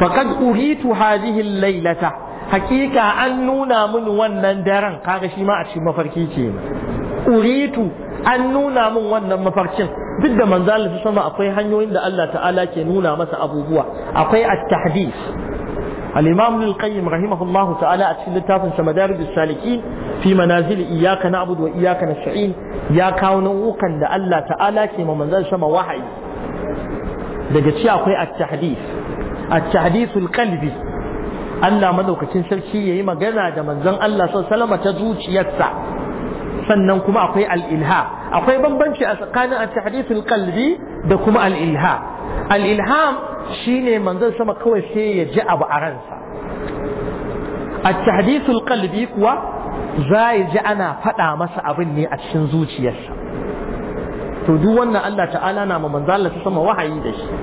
faqad uritu hadhihi laylata hakika an nuna min wannan daren kaga shi ma a cikin mafarki ce uritu an nuna min wannan mafarkin duk da manzo sama akwai hanyoyin da Allah ta'ala ke nuna masa abubuwa akwai at-tahdith al-imam al-qayyim rahimahullahu ta'ala a cikin littafin sa madarijus salikin fi manazil iyyaka na'budu wa iyyaka nasta'in ya kawo nau'ukan da Allah ta'ala ke ma manzo sama wahayi daga ci akwai attahdis tahdith kalbi. tahdith qalbi Allah madaukakin sarki yayi magana da manzon Allah sallallahu alaihi wasallam ta zuciyarsa sannan kuma akwai al'ilha akwai bambanci a tsakanin al kalbi da kuma al-ilha al ne shine sama kawai sai ya ji abu a ransa al kalbi kuwa za ya ji ana faɗa masa abin ne a cikin zuciyarsa to duk wannan Allah ta'ala na ma manzo Allah ta sama wahayi da shi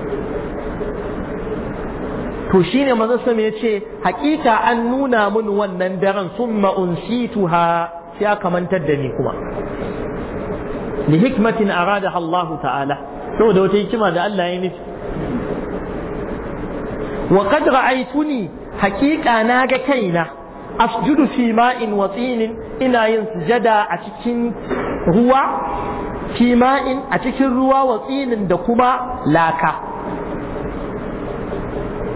to shine manzo sama yace hakika an nuna mun wannan daren summa tuha. sai aka mantar da ni kuma li hikmatin arada Allah ta'ala saboda wata hikima da Allah ya nufi wa qad ra'aytuni haqiqa na ga kaina asjudu fi ma'in wa tsinin ina yin sujada a cikin ruwa fi ma'in a cikin ruwa wa tsinin da kuma laka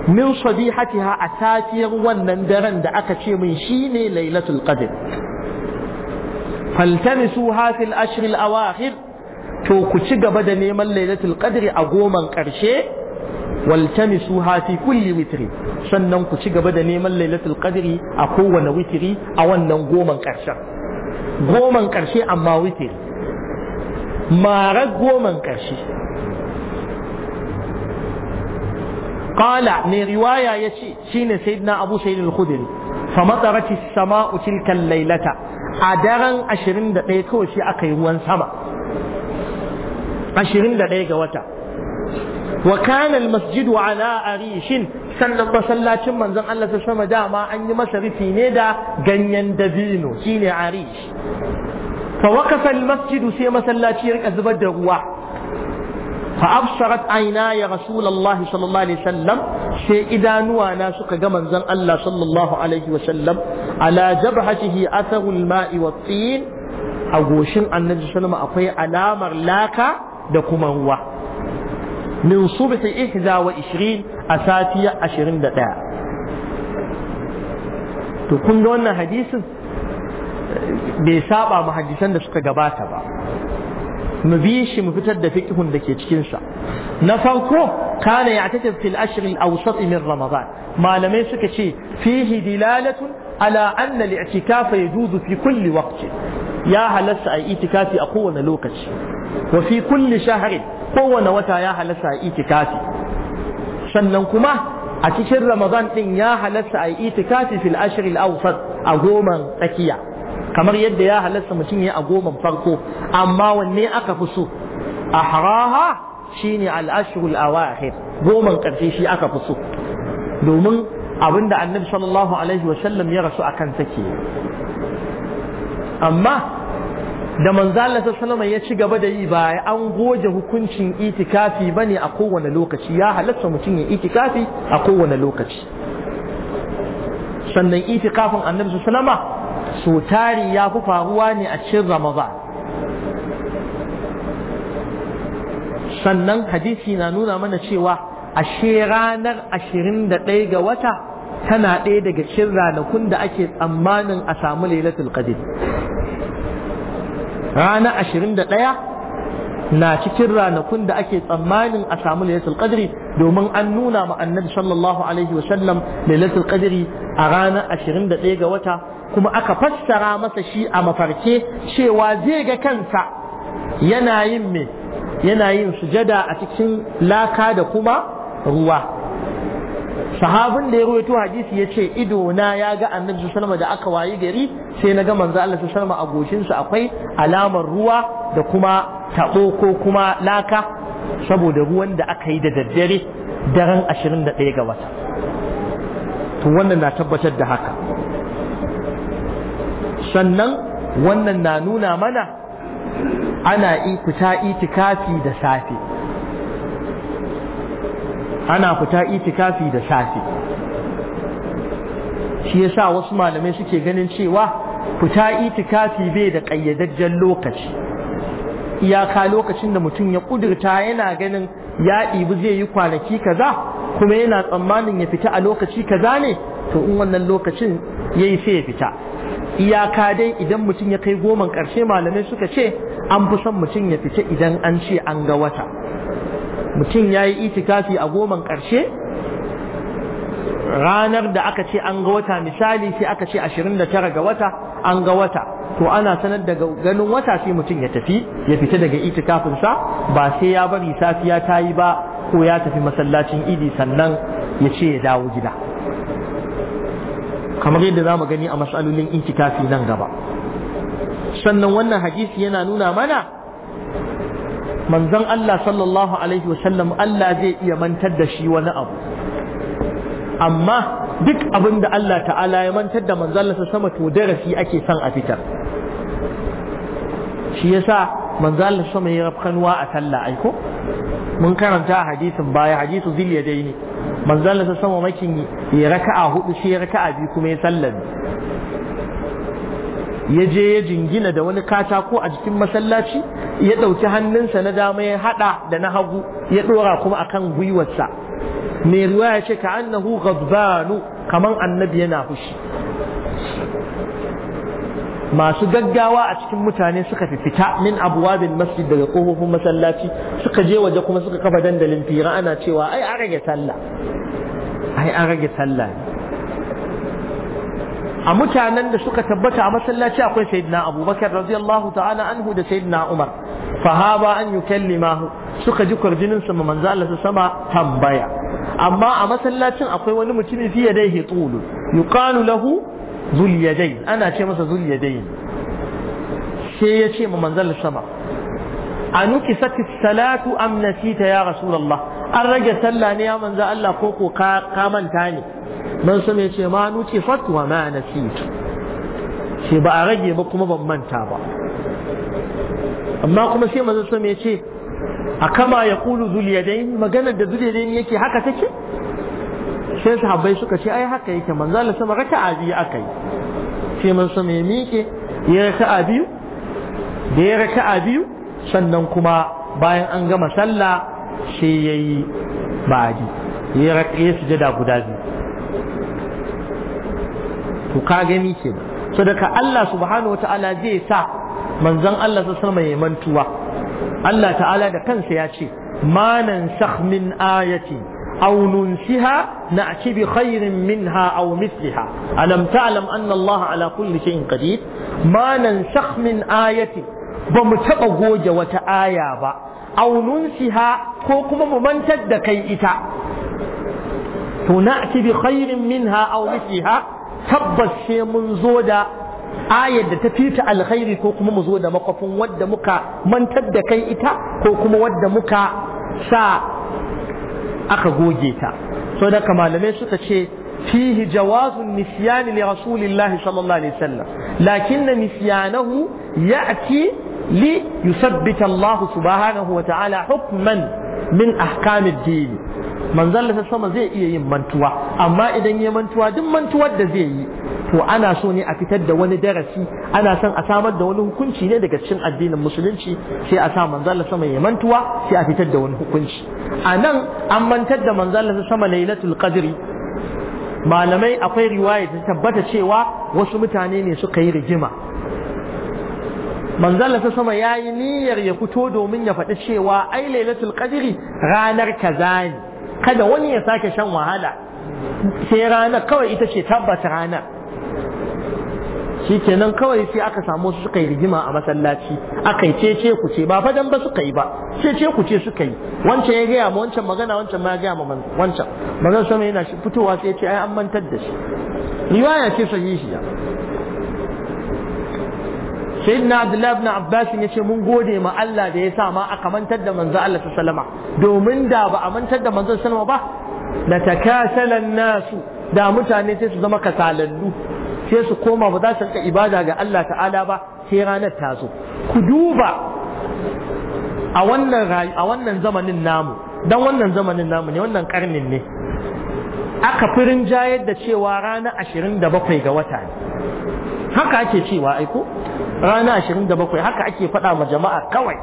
min sadihatiha a safiyar wannan daren da aka ce min shine lailatul qadr faltamisu hafil ashril awakhir to ku ci gaba da neman lailatul qadri a goman karshe waltamisu hafi kulli witri sannan ku ci gaba da neman lailatul qadri a kowane witri a wannan goman karshen goman karshe amma witri mara goman karshe qala ne riwaya yace shine sayyidina abu sayyid al-khudri fa matarat as-sama'u tilka lailata a daren 21 kawai shi aka yi ruwan sama 21 ga wata wa kana almasjidu ala arishin sannan masallacin manzon Allah ta sama dama an yi masa rufi ne da ganyen dabino shine arish fa waqafa almasjidu sai masallaci ya rika zubar da ruwa fa absarat aina ya rasulullahi sallallahu alaihi wasallam sai idanuwa na suka ga manzon Allah sallallahu alaihi wasallam ala jabhatihi atharul ma'i wat tin a goshin annabi sallama akwai alamar laka da kuma ruwa min subhi ihda wa ishirin a safiya da ɗaya to kun ga wannan hadisin bai saba mu hadisan da suka gabata ba mu bi shi mu fitar da fiqhun da ke cikinsa na farko kana ya tafi fil ashr al awsat min ramadan malamai suka ce fihi dilalatun ala anna li'tikafa yajuzu fi kulli waqti ya halasta a itikafi a kowane lokaci wa fi kulli shahri kowane wata ya halasta a itikafi sannan kuma a cikin ramadan ɗin ya halasta a itikafi fil ashril awsat a goman tsakiya kamar yadda ya halasta mutum ya a goman farko amma wanne aka fi so ahraha shine al ashrul awahir goman ƙarshe shi aka fi so domin abinda annabi sallallahu alaihi wa sallam ya rasu akan take amma da Manzala ta salama ya ci gaba da yi ba an goge hukuncin itikafi bane a kowane lokaci ya halatta mutum ya itikafi a kowane lokaci sannan itikafin annabi sallallahu so tari ya fi faruwa ne a cikin ramadan sannan hadisi na nuna mana cewa ashe ranar 21 ga wata tana ɗaya daga cikin ranakun da ake tsammanin a samu lailatul qadr rana ashirin da ɗaya na cikin ranakun da ake tsammanin a samu lailatul qadr domin an nuna ma annabi sallallahu alaihi wa sallam lailatul qadr a ranar ashirin da ɗaya ga wata kuma aka fassara masa shi a mafarke cewa zai ga kansa yana yin me yana yin sujada a cikin laka da kuma ruwa sahabin da ya rawaito hadisi ya ce ido na ya ga annabi sallama da aka wayi gari sai na ga manzo Allah sallama a goshinsa akwai alamar ruwa da kuma tabo ko kuma laka saboda ruwan da aka yi da daddare daren 21 ga wata to wannan na tabbatar da haka sannan wannan na nuna mana ana ikuta itikafi da safe ana fita itikafi da safe shi yasa wasu malamai suke ganin cewa fita itikafi bai da ƙayyadajjen lokaci iyaka lokacin da mutum ya ƙudurta yana ganin ya ibi zai yi kwanaki kaza kuma yana tsammanin ya fita a lokaci kaza ne to in wannan lokacin ya yi sai ya fita iyaka dai idan mutum ya kai goman ƙarshe malamai suka ce an fi son mutum ya fita idan an ce an ga wata mutum ya yi itikafi a goman ƙarshe ranar da aka ce an ga wata misali sai aka ce ashirin da tara ga wata an ga wata to ana sanar da ganin wata sai mutum ya tafi ya fita daga itikafinsa ba sai ya bari safiya ta yi ba ko ya tafi masallacin idi sannan ya ce ya dawo gida kamar yadda za mu gani a matsalolin itikafi nan gaba sannan wannan hadisi yana nuna mana manzon Allah sallallahu alaihi wasallam Allah zai iya mantar da shi wani abu amma duk abin da Allah ta'ala ya mantar da manzon Allah sama to darasi ake son a fitar shi yasa manzon Allah sama ya rafkanwa a sallah aiko mun karanta hadisin baya hadisu zil daini. manzon Allah sama makin ya raka'a hudu shi ya raka'a biyu kuma ya sallar ya je ya jingina da wani katako a jikin masallaci ya ɗauki hannunsa na dama ya haɗa da na hagu ya ɗora kuma akan gwiwarsa mai ruwa ya ce ka annahu ghadbanu kaman annabi yana fushi masu gaggawa a cikin mutane suka fi fita min abwabin masjid daga kofofin masallaci suka je waje kuma suka kafa dandalin fira ana cewa ai an rage sallah ai an rage sallah a mutanen da suka tabbata a masallaci akwai sayyidina abubakar radiyallahu ta'ala anhu da sayyidina umar fahaba an yukallimahu suka ji kwarjinin su manzo Allah su sama tambaya amma a masallacin akwai wani mutumi fi yadayhi tulu yuqalu lahu zul yadayn ana ce masa zul yadayn sai ya ce manzo Allah sama anuki sati salatu am nasita ya rasulullah an rage sallah ne ya manzo Allah ko ko ka manta ne man sama yace ma nuci fatwa ma nasitu ce ba a rage ba kuma ban manta ba amma kuma sai manzo sama yace a kama ya kulu zuliyadain maganar da zuliyadain yake haka take sai sahabbai suka ce ai haka yake manzo Allah sama raka'a aka yi. sai manzo sama ya miƙe ya raka'a biyu da ya raka'a biyu sannan kuma bayan an gama sallah sai yayi ba'adi ya raka'a sujada guda biyu to ka gani ke so daga Allah subhanahu wataala zai sa manzon Allah sa sama ya mantuwa Allah ta'ala da kansa ya ce ma nansakh min ayati aw nunsiha na'ti bi khairin minha aw mithliha alam ta'lam anna Allah ala kulli shay'in qadir ma nansakh min ayati ba mu taba goge wata aya ba aw nunsiha ko kuma mu mantar da kai ita to na'ti bi khairin minha aw mithliha tabbas ce mun zo da ayar da ta fita alkhairi ko kuma mu zo da makwafin wadda muka mantar da kai ita ko kuma wadda muka sa aka goge ta so da malamai suka ce fihi jawazun nisyani li rasulillahi sallallahu alaihi wasallam lakin nisyanahu ya'ti li yusabbita Allah subhanahu wa ta'ala hukman min ahkamid dini manzan da sama zai iya yin mantuwa amma idan ya mantuwa duk mantuwar da zai yi to ana so ne a fitar da wani darasi ana son a samar da wani hukunci ne daga cikin addinin musulunci sai a sa manzan da sama ya mantuwa sai a fitar da wani hukunci a nan an mantar da manzan da sama lailatul qadri malamai akwai riwaya ta tabbata cewa wasu mutane ne suka yi rigima manzan da sama ya yi niyyar ya fito domin ya faɗi cewa ai lailatul qadri ranar kaza ne kada wani ya sake shan wahala sai rana kawai ita ce tabbata rana shikenan kawai sai aka samu su suka yi rigima a masallaci aka yi cece ku ce ba fadan ba suka yi ba cece ku ce suka yi wancan ya gaya ma wancan magana wancan ma ya gaya ma wancan magana sama yana fitowa sai ya ce ai an mantar da shi riwaya ce sahihiya sayyidina abdullahi ibn abbas ya ce mun gode ma Allah da ya sa ma aka mantar da manzo Allah sallama domin da ba a mantar da manzo sallama ba la takasala nasu da mutane sai su zama kasalallu sai su koma ba za su rika ibada ga Allah ta'ala ba sai ranar ta zo ku duba a wannan a wannan zamanin namu dan wannan zamanin namu ne wannan karnin ne aka firin jayar da cewa ranar 27 ga wata ne haka ake cewa aiko rana 27 haka ake faɗa ma jama'a kawai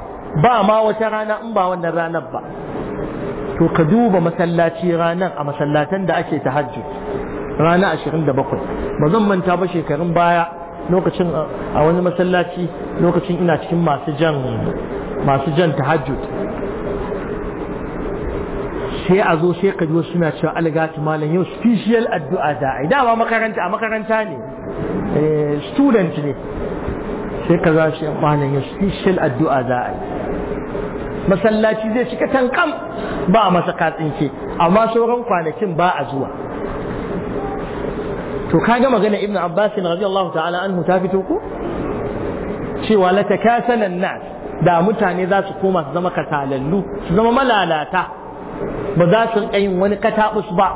ba ma wata rana in ba wannan ranar ba to ka duba masallaci ranar a masallatan da ake tahajjud rana 27 ba zan manta ba shekarun baya lokacin uh, a wani masallaci lokacin ina cikin masu jan masu jan tahajjud sai a zo sai ka suna cewa algati malam yau special addu'a da ai dama makaranta a makaranta ne Eh, student ne sai ka za shi kwanan ya special addu'a za a yi masallaci zai cika tankam ba a masa katsinke amma sauran kwanakin ba a zuwa to kaga magana ibnu abbas radiyallahu ta'ala anhu ta fito ko cewa la takasalan nas da mutane za su koma su zama katalallu su zama malalata ba za su yin wani katabus ba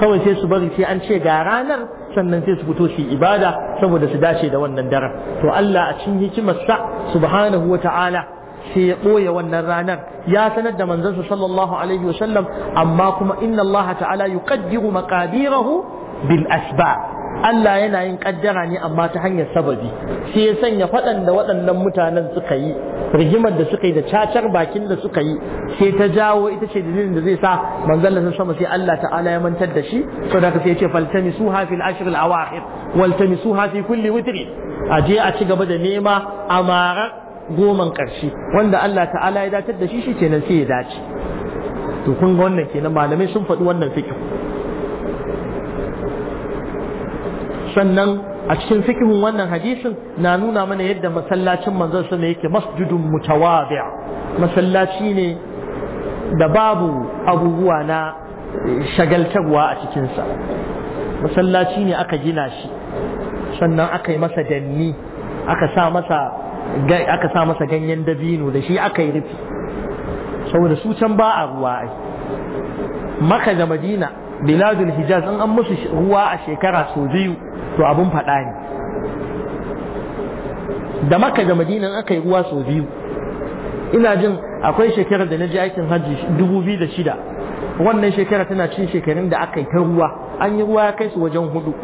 kawai sai su bari sai an ce ga ranar sannan sai su fito su ibada saboda su dace da wannan daren to Allah a cikin hikimarsa subhanahu wa ta'ala sai ya ɓoye wannan ranar ya sanar da manzansa sallallahu alaihi wa sallam amma kuma inna Allah ta'ala yuqaddiru maqadirahu bil asba Allah yana yin ƙaddara ne amma ta hanyar sababi sai ya sanya faɗan da waɗannan mutanen suka yi rigimar da suka yi da cacar bakin da suka yi sai ta jawo ita ce dalilin da zai sa manzon Allah sama sai Allah ta'ala ya mantar da shi saboda haka sai ya ce faltamisuha fil ashr al awakhir waltamisuha fi kulli witri aje a ci gaba da nema mara goman ƙarshe wanda Allah ta'ala ya datar da shi shi kenan sai ya dace to kun ga wannan kenan malamai sun faɗi wannan fikin sannan a cikin fikihun wannan hadisin na nuna mana yadda masallacin manzon sama yake masjidun mutawadi' masallaci ne da babu abubuwa na shagaltarwa a cikinsa masallaci ne aka gina shi sannan aka yi masa danni aka sa masa aka sa masa ganyen dabino da shi aka yi rufi saboda su can ba a ruwa ai maka da madina biladul hijaz in an musu ruwa a shekara sau biyu to abun faɗa ne da maka da madinan aka yi ruwa sau biyu ina jin akwai shekarar da na ji aikin hajji dubu biyu da shida wannan shekara tana cin shekarun da aka yi ta ruwa an yi ruwa ya kai su wajen hudu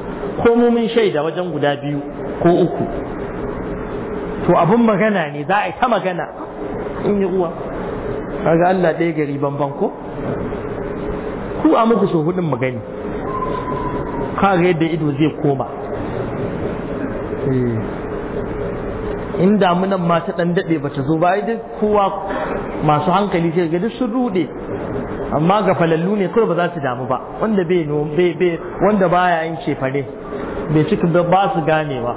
ko mumin shaida wajen guda biyu ko uku to abun magana ne za a yi ta magana in yi ruwa kaga Allah ɗaya gari banban ko ku a muku so hudun magani kaga yadda ido zai koma eh. in damunan mata ɗan dan dade bata zo ba duk kowa masu hankali sai ga duk sun rude amma ga falallu ne kawai ba za su damu ba wanda bai no bai bai wanda baya yin cefane bai cika ba su gane ba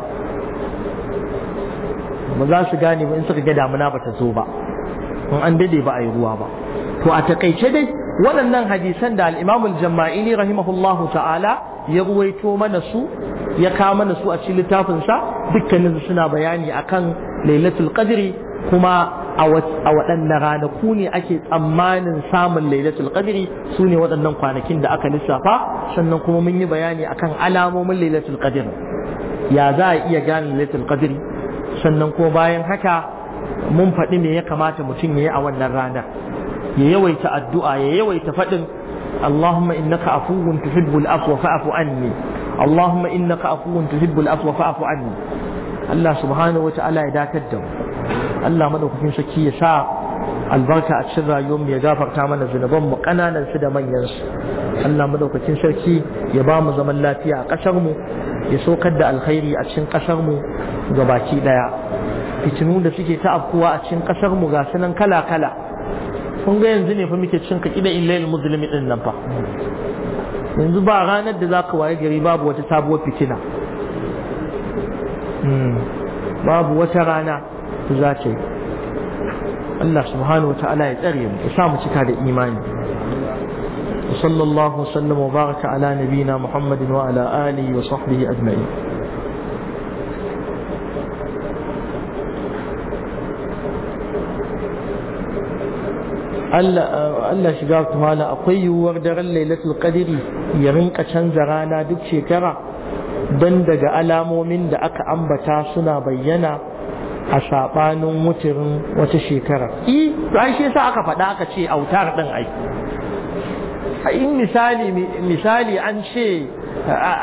za su gane ba in suka ga damuna bata zo ba in an dade ba a yi ruwa ba to a takaice dai waɗannan hadisan da al'imamul imam al rahimahullahu ta'ala ya ruwaito mana su ya kawo mana su a cikin littafinsa sa dukkanin suna bayani akan Lailatul Qadri kuma a waɗanne ranaku ne ake tsammanin samun Lailatul Qadri su ne waɗannan kwanakin da aka lissafa sannan kuma mun yi bayani akan alamomin Lailatul Qadr ya za a iya gane Lailatul Qadri sannan kuma bayan haka mun faɗi me ya kamata mutum ya yi a wannan ranar ya yawaita addu'a ya yawaita faɗin ka اللهم إنك عفو تحب العفو فاعف عني اللهم إنك عفو تحب العفو فاعف عني الله سبحانه وتعالى da كدم الله من أخفين ya sa albarka a cikin rayuwar ya gafarta mana zunuban mu kananan su da manyan su Allah madaukakin sarki ya ba mu zaman lafiya a kasar mu ya saukar da alkhairi a cikin kasar mu ga baki daya fitinu da suke ta afkuwa a cikin kasar mu ga sunan kala kala kun ga yanzu ne fa muke cin ka in illail muslimi din nan fa yanzu ba ranar da zaka waye gari babu wata sabuwar fitina hmm. babu wata rana da za ta yi Allah subhanahu wa ta'ala ya tsare mu ya sa mu cika da imani sallallahu alaihi wa sallam wa baraka ala nabina muhammadin wa ala alihi wa sahbihi ajma'in Allah shiga su mala akwai yiwuwar daren lailatul Qadiri ya rinka canza rana duk shekara don daga alamomin da aka ambata suna bayyana a saɓanin mutirin wata shekara i ai shi yasa aka faɗa aka ce autar ɗin ai in misali misali an ce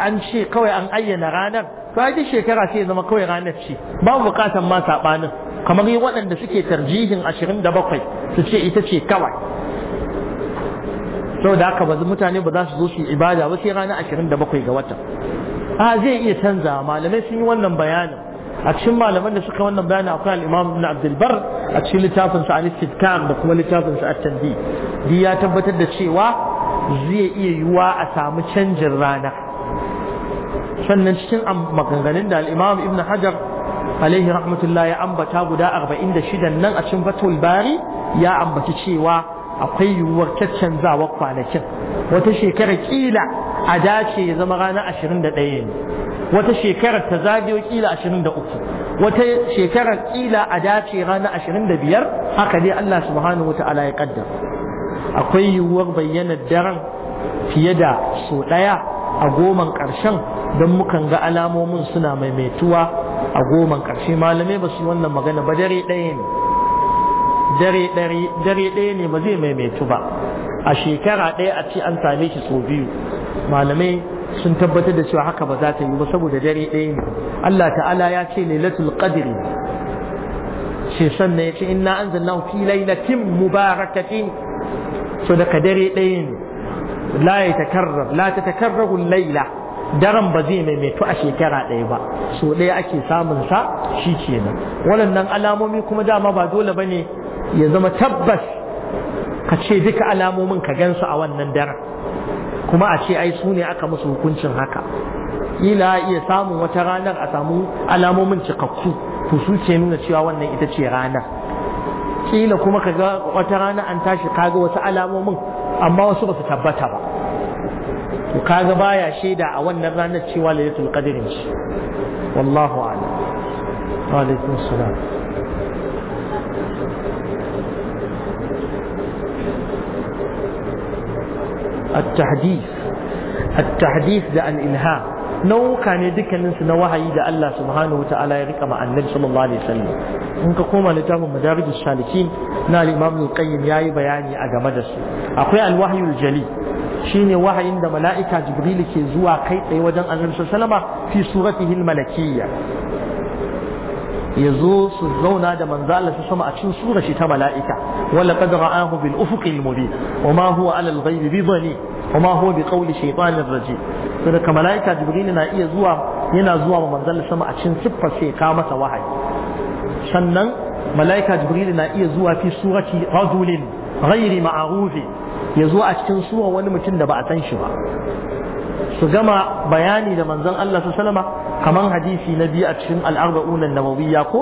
an ce kawai an ayyana ranar to ai shekara sai zama kawai ranar ce babu bukatan ma saɓanin kamar yi waɗanda suke tarjihin 27 su ce ita ce kawai saboda haka ba mutane ba za su zo su ibada ba sai ranar 27 ga wata a zai iya canza malamai sun yi wannan bayanin a cikin malaman da suka wannan bayanin akwai al-Imam Ibn Abdul a cikin littafin sa al da kuma littafin sa at-Tanbih di ya tabbatar da cewa zai iya yiwuwa a samu canjin rana sannan cikin maganganun da al-Imam Ibn Hajar alaihi rahmatullah ya ambata guda 46 nan a cikin fatul bari ya ambaci cewa akwai yiwuwar caccanzawa kwanakin wata shekara kila a dace ya zama ranar 21 ne wata shekarar ta zagayo kila 23 wata shekarar kila a dace ranar 25 haka dai Allah subhanahu wata'ala ya kaddara akwai yiwuwar bayyanar daren fiye da sau ɗaya a goman ƙarshen don mukan ga alamomin suna maimaituwa a goman ƙarshe malamai ba su yi wannan magana ba dare ɗaya ne dare ɗaya ne ba zai maimaitu ba a shekara ɗaya a ce an same shi sau biyu malamai sun tabbatar da cewa haka ba za ta yi ba saboda dare ɗaya ne Allah ta'ala ya ce lailatul qadri ce sannan ya ce inna anzalnahu fi lailatin mubarakatin so daga dare ɗaya ne la yatakarrab la tatakarrabu laila daren ba zai maimaito a shekara ɗaya ba so ɗaya ake samun sa shi kenan waɗannan alamomi kuma dama ba dole ba ne ya zama tabbas ka ce duka alamomin ka gansu a wannan daren kuma a ce ai su ne aka musu hukuncin haka ila iya samun wata ranar a samu alamomin cikakku to su ce nuna cewa wannan ita ce ranar kila kuma ka ga wata rana an tashi kaga wasu alamomin amma wasu ba su tabbata ba to kaga baya shaida a wannan ranar cewa lailatul qadrin shi wallahu a'lam wa alaikum salam التحديث التحديث ده الإلهام nauka ne dukkaninsu na wahayi da Allah subhanahu wata'ala ya rika annabi sallallahu alaihi wasallam in ka koma littafin madarijus salikin na al-imam al-qayyim bayani a game da su akwai al jali Shi ne wahayin da mala'ika jibril ke zuwa kai tsaye wajen annabi Salama fi suratihi malakiyya yazo su zauna da manzo Allah sama a cikin sura shi ta mala'ika wala qad ra'ahu bil ufuqil mubin wama huwa ala al ghaibi bi dhani wama huwa bi qawli shaytanir rajim ka mala'ika jibril na iya zuwa yana zuwa ma manzo Allah sama a cikin siffar sai ka masa wahayi sannan mala'ika jibril na iya zuwa fi surati rajulin ghairi ma'rufin ya zo a cikin suwa wani mutum da ba a san shi ba su gama bayani da manzon Allah su salama kamar hadisi na biyu a cikin al'arba'un an-nawawiyya ko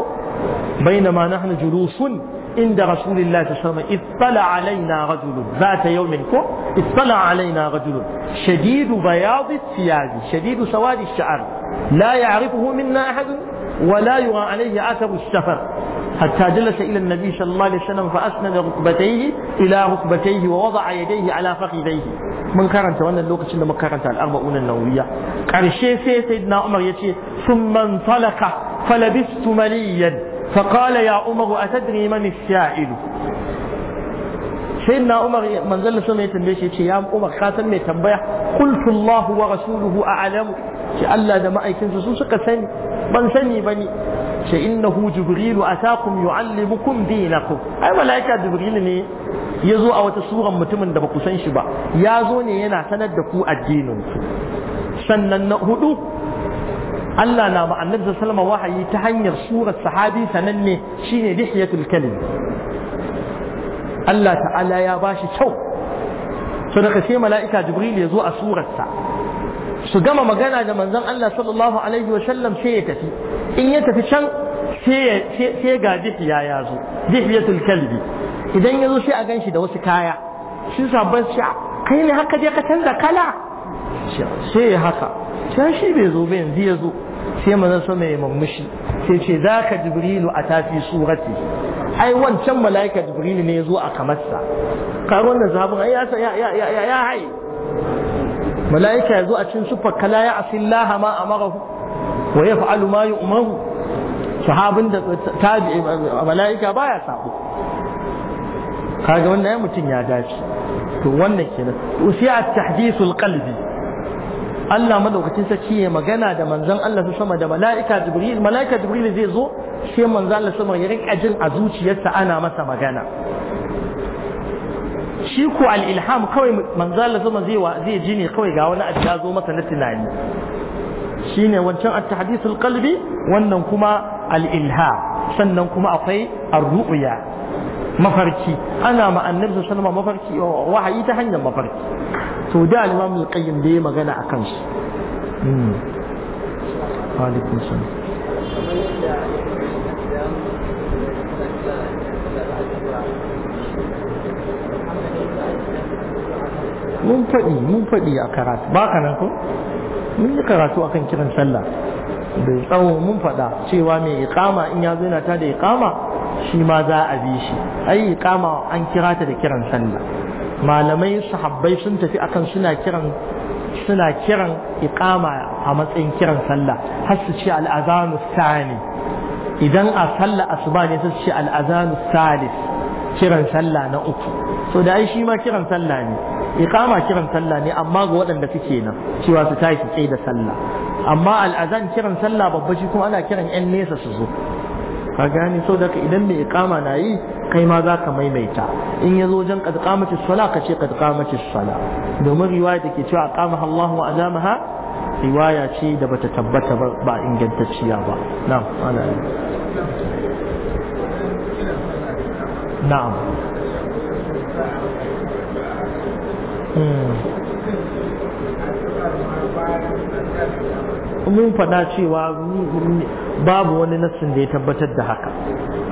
bainama nahnu julusun inda rasulillah ta sama ittala alaina rajulun zata yawmin ko ittala alaina rajulun shadidu bayad thiyabi shadidu sawadi ash-sha'r la ya'rifuhu minna ahad ولا يرى عليه اثر السفر حتى جلس إلى النبي صلى الله عليه وسلم فأسند ركبتيه إلى ركبتيه ووضع يديه على فخذيه من كرنت وأنا اللوكة لما كرنت الأربعون النووية قرشي سيدنا عمر يتي ثم انطلق فلبست مليا فقال يا عمر أتدري من السائل سيدنا عمر من زل سمية ليش يا عمر خاتم تنبيه قلت الله ورسوله أعلم ce Allah da ma'aikinsa su suka sani ban sani ba ne ce innahu jibrilu atakum yu'allimukum dinakum ai malaika jibrilu ne ya zo a wata suran mutumin da ba ku san shi ba ya zo ne yana sanar da ku addinin sannan na hudu Allah na ma annabi sallallahu alaihi wahayi ta hanyar surar sahabi sananne shine dihiyatul kalim Allah ta'ala ya bashi kyau to sai mala'ika jibril ya zo a surarsa su gama magana da manzon Allah sallallahu alaihi wa sallam sai ya tafi in ya tafi can sai ga dihiya ya zo dihiyatul kalbi idan ya zo sai a gan shi da wasu kaya shi sabon shi kai ne haka je ka canza kala sai ya haka sai shi bai zo ba yanzu ya zo sai manzon sa mai mamushi sai ce zaka jibrilu a tafi surati ai wancan mala'ika jibrilu ne ya zo a kamarsa karuwan wannan zabin ai ya ya ya ya mala'ika ya zo a cin siffar kala ya asin lahama a amarahu wa yaf'alu ma yu'maru sahabin da tabi mala'ika baya sabo kaga wannan ya mutum ya dace to wannan ke kenan usiya tahdisul qalbi Allah madaukakin sarki ya magana da manzon Allah su sama da mala'ika Jibril mala'ika Jibril zai zo sai manzon Allah sama ya rika jin a zuciyarsa ana masa magana shi ko al-ilham kawai manzo Allah zama zai zai ji ne kawai ga wani adda zo masa na tunani shine wancan at-tahdithul qalbi wannan kuma al-ilham sannan kuma akwai ar-ru'ya mafarki ana ma annabi sallama mafarki wahayi ta hanyar mafarki to da al-imam al-qayyim da ya magana akan shi hmm. mun faɗi mun faɗi a karatu ba ka nan ko mun yi karatu akan kiran sallah da tsawo mun faɗa cewa mai iqama in ya zo yana ta da iqama shi ma za a bi shi ai iqama an kira ta da kiran sallah malamai sahabbai sun tafi akan suna kiran suna kiran iqama a matsayin kiran sallah har su ce al'azanu sani idan a sallah asuba ne su ce al'azanu salis kiran sallah na uku so da ai shi ma kiran sallah ne iqama kiran sallah ne amma ga waɗanda suke nan cewa su tashi su tsaye da sallah amma al'azan kiran sallah babba shi kuma ana kiran yan nesa su zo ka gane so daga idan mai iqama na yi kai ma za ka maimaita in ya zo wajen qad qamatis sala ka ce qad qamatis sala domin riwaya da ke cewa qama Allah wa azamaha riwaya ce da bata tabbata ba ingantacciya ba na'am ana na'am Hmm. mun faɗa cewa babu wani nassin da ya tabbatar da haka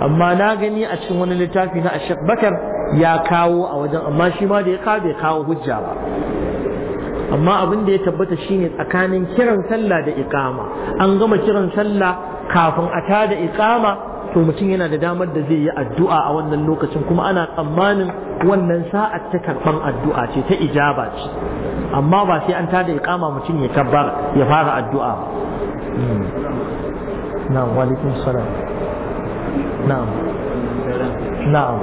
amma na gani a cikin wani littafi na ashek bakar ya kawo a wajen amma shi ma da ya kawo bai kawo hujja ba amma abin da ya tabbata shine tsakanin kiran sallah da ikama, an gama kiran sallah kafin a tada ikama. to mutum yana da damar da zai yi addu'a a wannan lokacin kuma ana tsammanin wannan sa'ar ta karɓan addu'a ce ta ijaba ce amma ba sai an tada iqama mutum ya tabbar ya fara addu'a ba hmm. na'am wa alaikum salam na'am na'am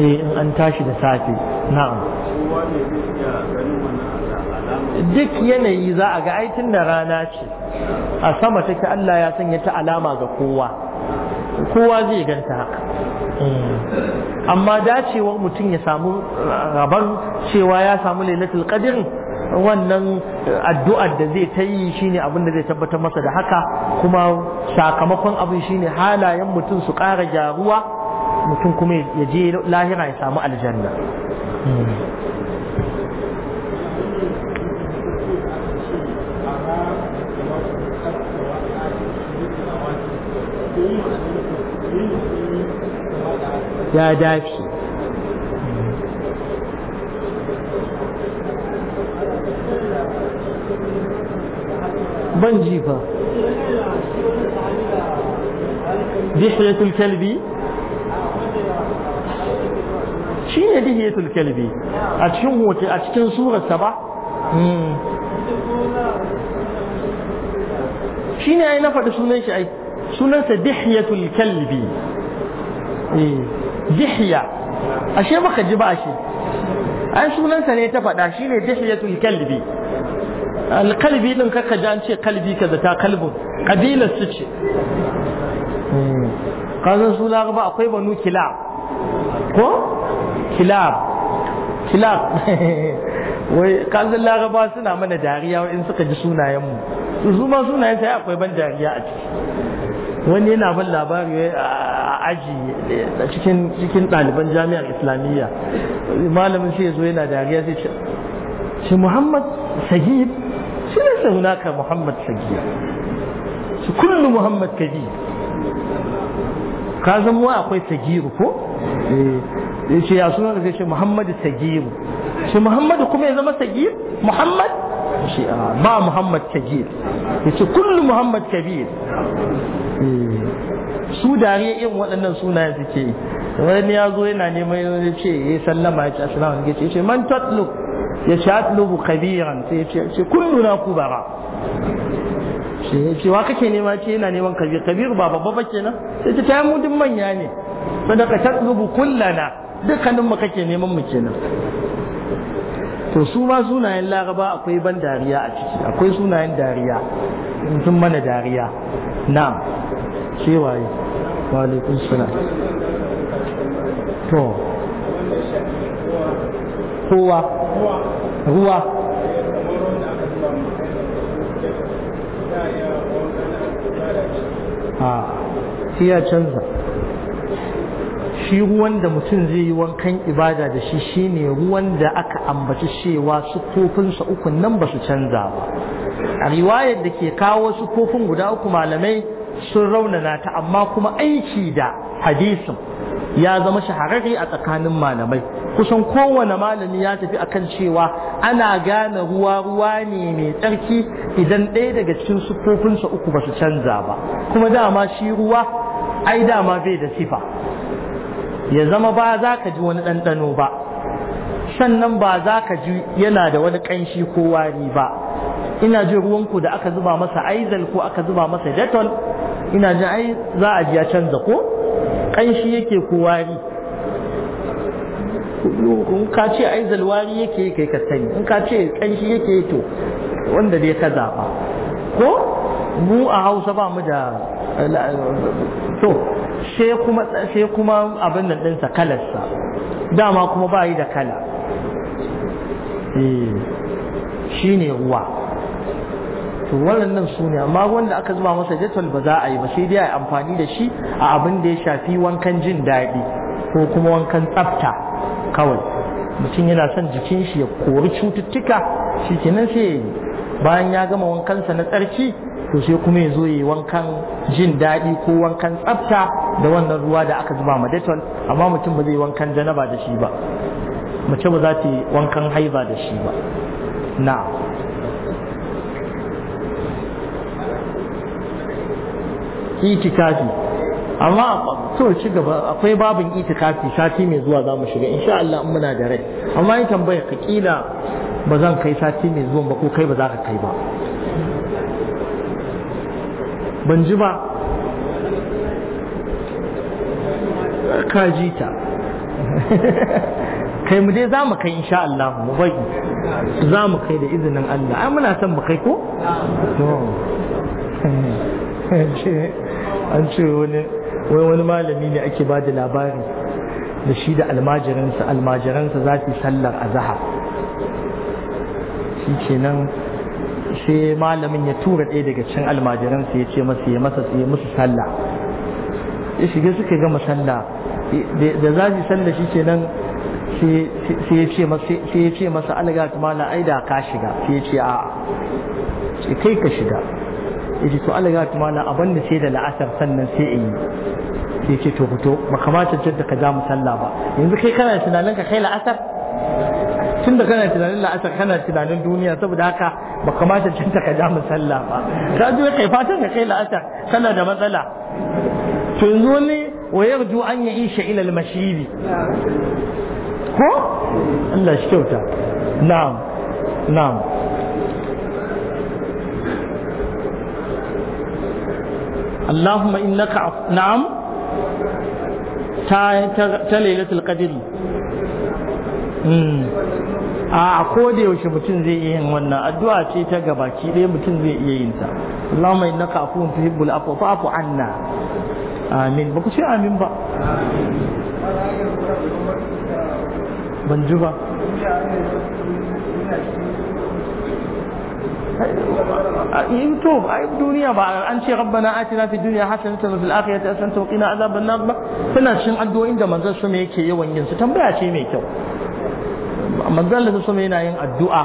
eh in an tashi da safe na'am duk yanayi za a ga aitin da rana ce a sama take Allah ya sanya ta alama ga kowa kowa zai ganta haka hmm. amma dacewar mutum ya samu rabar cewa ya samu lailatul qadr wannan addu'ar da zai ta yi shine abin da zai tabbatar masa da haka kuma sakamakon abin shine halayen mutum su ƙara gyaruwa mutum kuma ya je lahira ya samu aljanna hmm. المعتادات بنجيفة دحية الكلب شين دحية الكلب أتشن هو أتشن صورة سبع شين هي أي شنو سنة شيء سنة دحية الكلب إيه. dihiya ashe baka ji ba shi ai sunansa ne ta faɗa shine dihiyatu kalbi alkalbi din kaka ji an ce kalbi ka zata kalbun kabilar su ce hmm. kazan su ba akwai banu kilab ko kilab kilab [LAUGHS] wai kazan laraba suna mana dariya in suka ji sunayenmu su ma sunayen sai akwai ban dariya a ciki wani yana ban labari ah, aji eh, cikin cikin ɗaliban jami'ar islamiyya malamin sai zo yana dariya zai ce muhammad sagib shi ne sa hunaka muhammad sagib shi kullum muhammad kabi ka zan wa akwai sagiru ko eh, ya ce ya suna zai ce muhammad sagiru shi muhammad kuma ya zama sagir muhammad shi ah, ba muhammad sagir ya ce kullu muhammad kabir eh, su dariya irin waɗannan sunayen suke wani ya zo yana neman ya ce ya eh, sallama ya ce assalamu alaikum ya ce man tatlub ya ce atlubu kabiran sai ya ce kulluna kubara sai ya ce wa kake nema ce yana neman kabir kabir ba babba ba kenan sai ce ta mu duk manya ne sadaka tatlubu kullana dukkanin mu kake neman mu nan to su ma sunayen laraba akwai ban dariya a ciki akwai sunayen dariya sun mana dariya na'am sai waye walaikun suna to kowa ruwa a sai canza shi ruwan da mutum zai yi wankan ibada da shi shine ruwan da aka ambaci cewa su sufofinsa uku nan ba su canza ba a riwayar da ke kawo su kofin guda uku malamai sun raunana ta amma kuma aiki da hadisin ya zama shahararri a tsakanin malamai kusan kowane malami ya tafi akan cewa ana gane ruwa ruwa ne mai tsarki idan ɗaya daga cikin siffofinsa uku ba su canza ba kuma dama shi ruwa ai dama bai da sifa ya zama ba za ka ji wani ɗanɗano ba sannan ba za ka ji yana da wani ƙanshi ko wari ba ina jin ruwanku da aka zuba masa aizal ko aka zuba masa detol ina jin ai za a ji ya canza ko ƙanshi yake ko wari in ka ce ai zalwari yake kai ka sani in ka ce ƙanshi yake to wanda dai ka zaɓa ko mu a hausa ba mu da to sai kuma sai kuma abin nan ɗinsa kalarsa dama kuma ba yi da kala eh, shi ne ruwa to waɗannan su ne amma wanda aka zuba masa detol ba za a yi ba sai dai a amfani da shi a abin da ya shafi wankan jin daɗi ko kuma wankan tsafta kawai mutum yana son jikin shi ya kori cututtuka shi nan sai ya yi bayan ya gama wankansa na tsarki to sai kuma ya zo ya yi wankan jin daɗi ko wankan tsafta da wannan ruwa da aka zuba ma detol amma mutum ba zai wankan janaba da shi ba mace ba za ta yi wankan haiba da shi ba na'am itikafi amma to ci gaba akwai babin itikafi sati mai zuwa za mu shiga insha Allah in muna da rai amma in tambaya ka kila ba zan kai sati mai zuwa ba ko kai ba za ka kai ba ban ji ba ka ji ta [LAUGHS] kai mu dai za mu kai insha Allah mu bai za mu kai da izinin Allah ai muna son mu kai ko to [LAUGHS] an ce wani malami ne ake ba da labari da shi da almajiransa almajiransa za su sallar a zaha? shi kenan sai malamin ya tura ɗaya daga can almajiransa ya ce masa ya masa ya musu sallah ya shiga suka gama sallah da za su sallah shi kenan sai ya ce masa alga mala ai da ka shiga sai ya ce a kai ka shiga yace to Allah ya tuma na abin da sai da la'asar sannan sai in yi yace to fito ba kamata jadda ka ja mu sallah ba yanzu kai kana tunanin ka kai la'asar tun da kana tunanin la'asar kana tunanin duniya saboda haka ba kamata jadda ka ja mu sallah ba ka je kai fatan ka kai la'asar kana da matsala to yanzu wani ويرجو أن يعيش إلى ko Allah shi kyauta na'am na'am Allahumma innaka na'am ta ta lailatul qadri hmm. a koda yaushe mutum zai iya yin wannan addu'a ce ta gabaki ɗaya mutum zai iya yin ta Allahumma innaka afuwun tuhibbul afwa fa'fu anna amin ba ku ce amin ba ban ji ba to ai duniya ba an ce rabbana atina fid dunya hasanatan wa fil akhirati hasanatan wa qina azaban nar ba suna cikin addu'o'in da manzon su yake yawan yin tambaya ce mai kyau manzon da su yana yin addu'a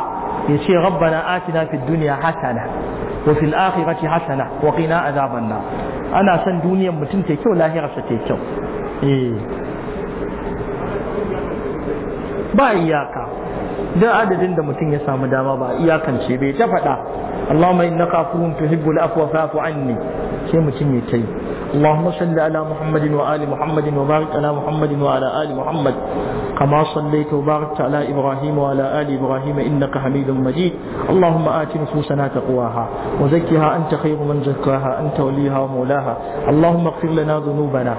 ya ce rabbana atina fid dunya hasana wa fil akhirati hasana wa qina azaban nar ana son duniya mutum ta kyau lahirarsa ta kyau ba iyaka duk adadin da mutum ya samu dama ba iyakance bai ta faɗa Allahumma innaka afuwun tuhibbul afwa fa'fu anni sai mutum ya tai اللهم صل على محمد وآل محمد وبارك على محمد وعلى آل محمد كما صليت وباركت على إبراهيم وعلى آل إبراهيم إنك حميد مجيد اللهم آت نفوسنا تقواها وزكها أنت خير من زكاها أنت وليها ومولاها اللهم اغفر لنا ذنوبنا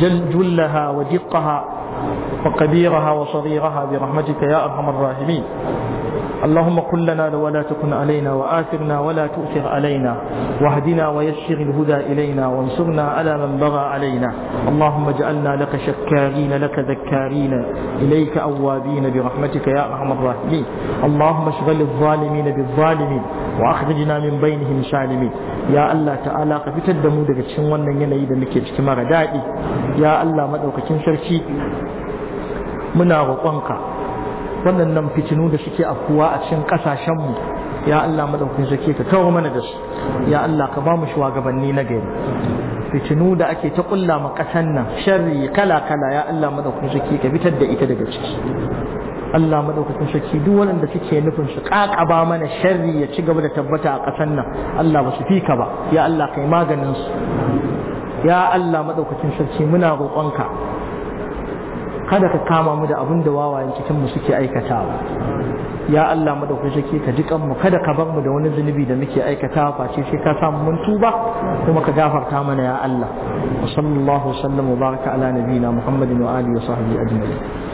جل جلها ودقها وكبيرها وصغيرها برحمتك يا أرحم الراحمين اللهم كن لنا ولا تكن علينا وآثرنا ولا تؤثر علينا واهدنا ويسر الهدى إلينا وانصرنا على من بغى علينا اللهم اجعلنا لك شكارين لك ذكارين إليك أوابين برحمتك يا أرحم الراحمين اللهم اشغل الظالمين بالظالمين وأخرجنا من بينهم سالمين يا الله تعالى قفت fitar da mu ينايد cikin wannan دائي يا الله مدوك mara daɗi ya Allah waɗannan fitinu da suke afkuwa a cikin ƙasashenmu ya Allah madaukakin sarki ka kawo mana da su ya Allah ka ba mu shugabanni na gari fitinu da ake ta kulla ma kasan nan sharri kala kala ya Allah madaukakin sarki ka fitar da ita daga ciki Allah madaukakin sarki duk waɗanda suke nufin su ƙaƙaba mana sharri ya ci gaba da tabbata a kasan nan Allah ba su fika ba ya Allah kai maganin su ya Allah madaukakin sarki muna roƙonka kada ka kama mu da abin da wawayen cikin mu suke aikatawa ya Allah mu da ku shake ka jikan mu kada ka bar mu da wani zunubi da muke aikatawa face sai ka samu mun tuba kuma ka gafarta mana ya Allah sallallahu sallam wa baraka ala nabiyina muhammadin wa alihi wa sahbihi ajma'in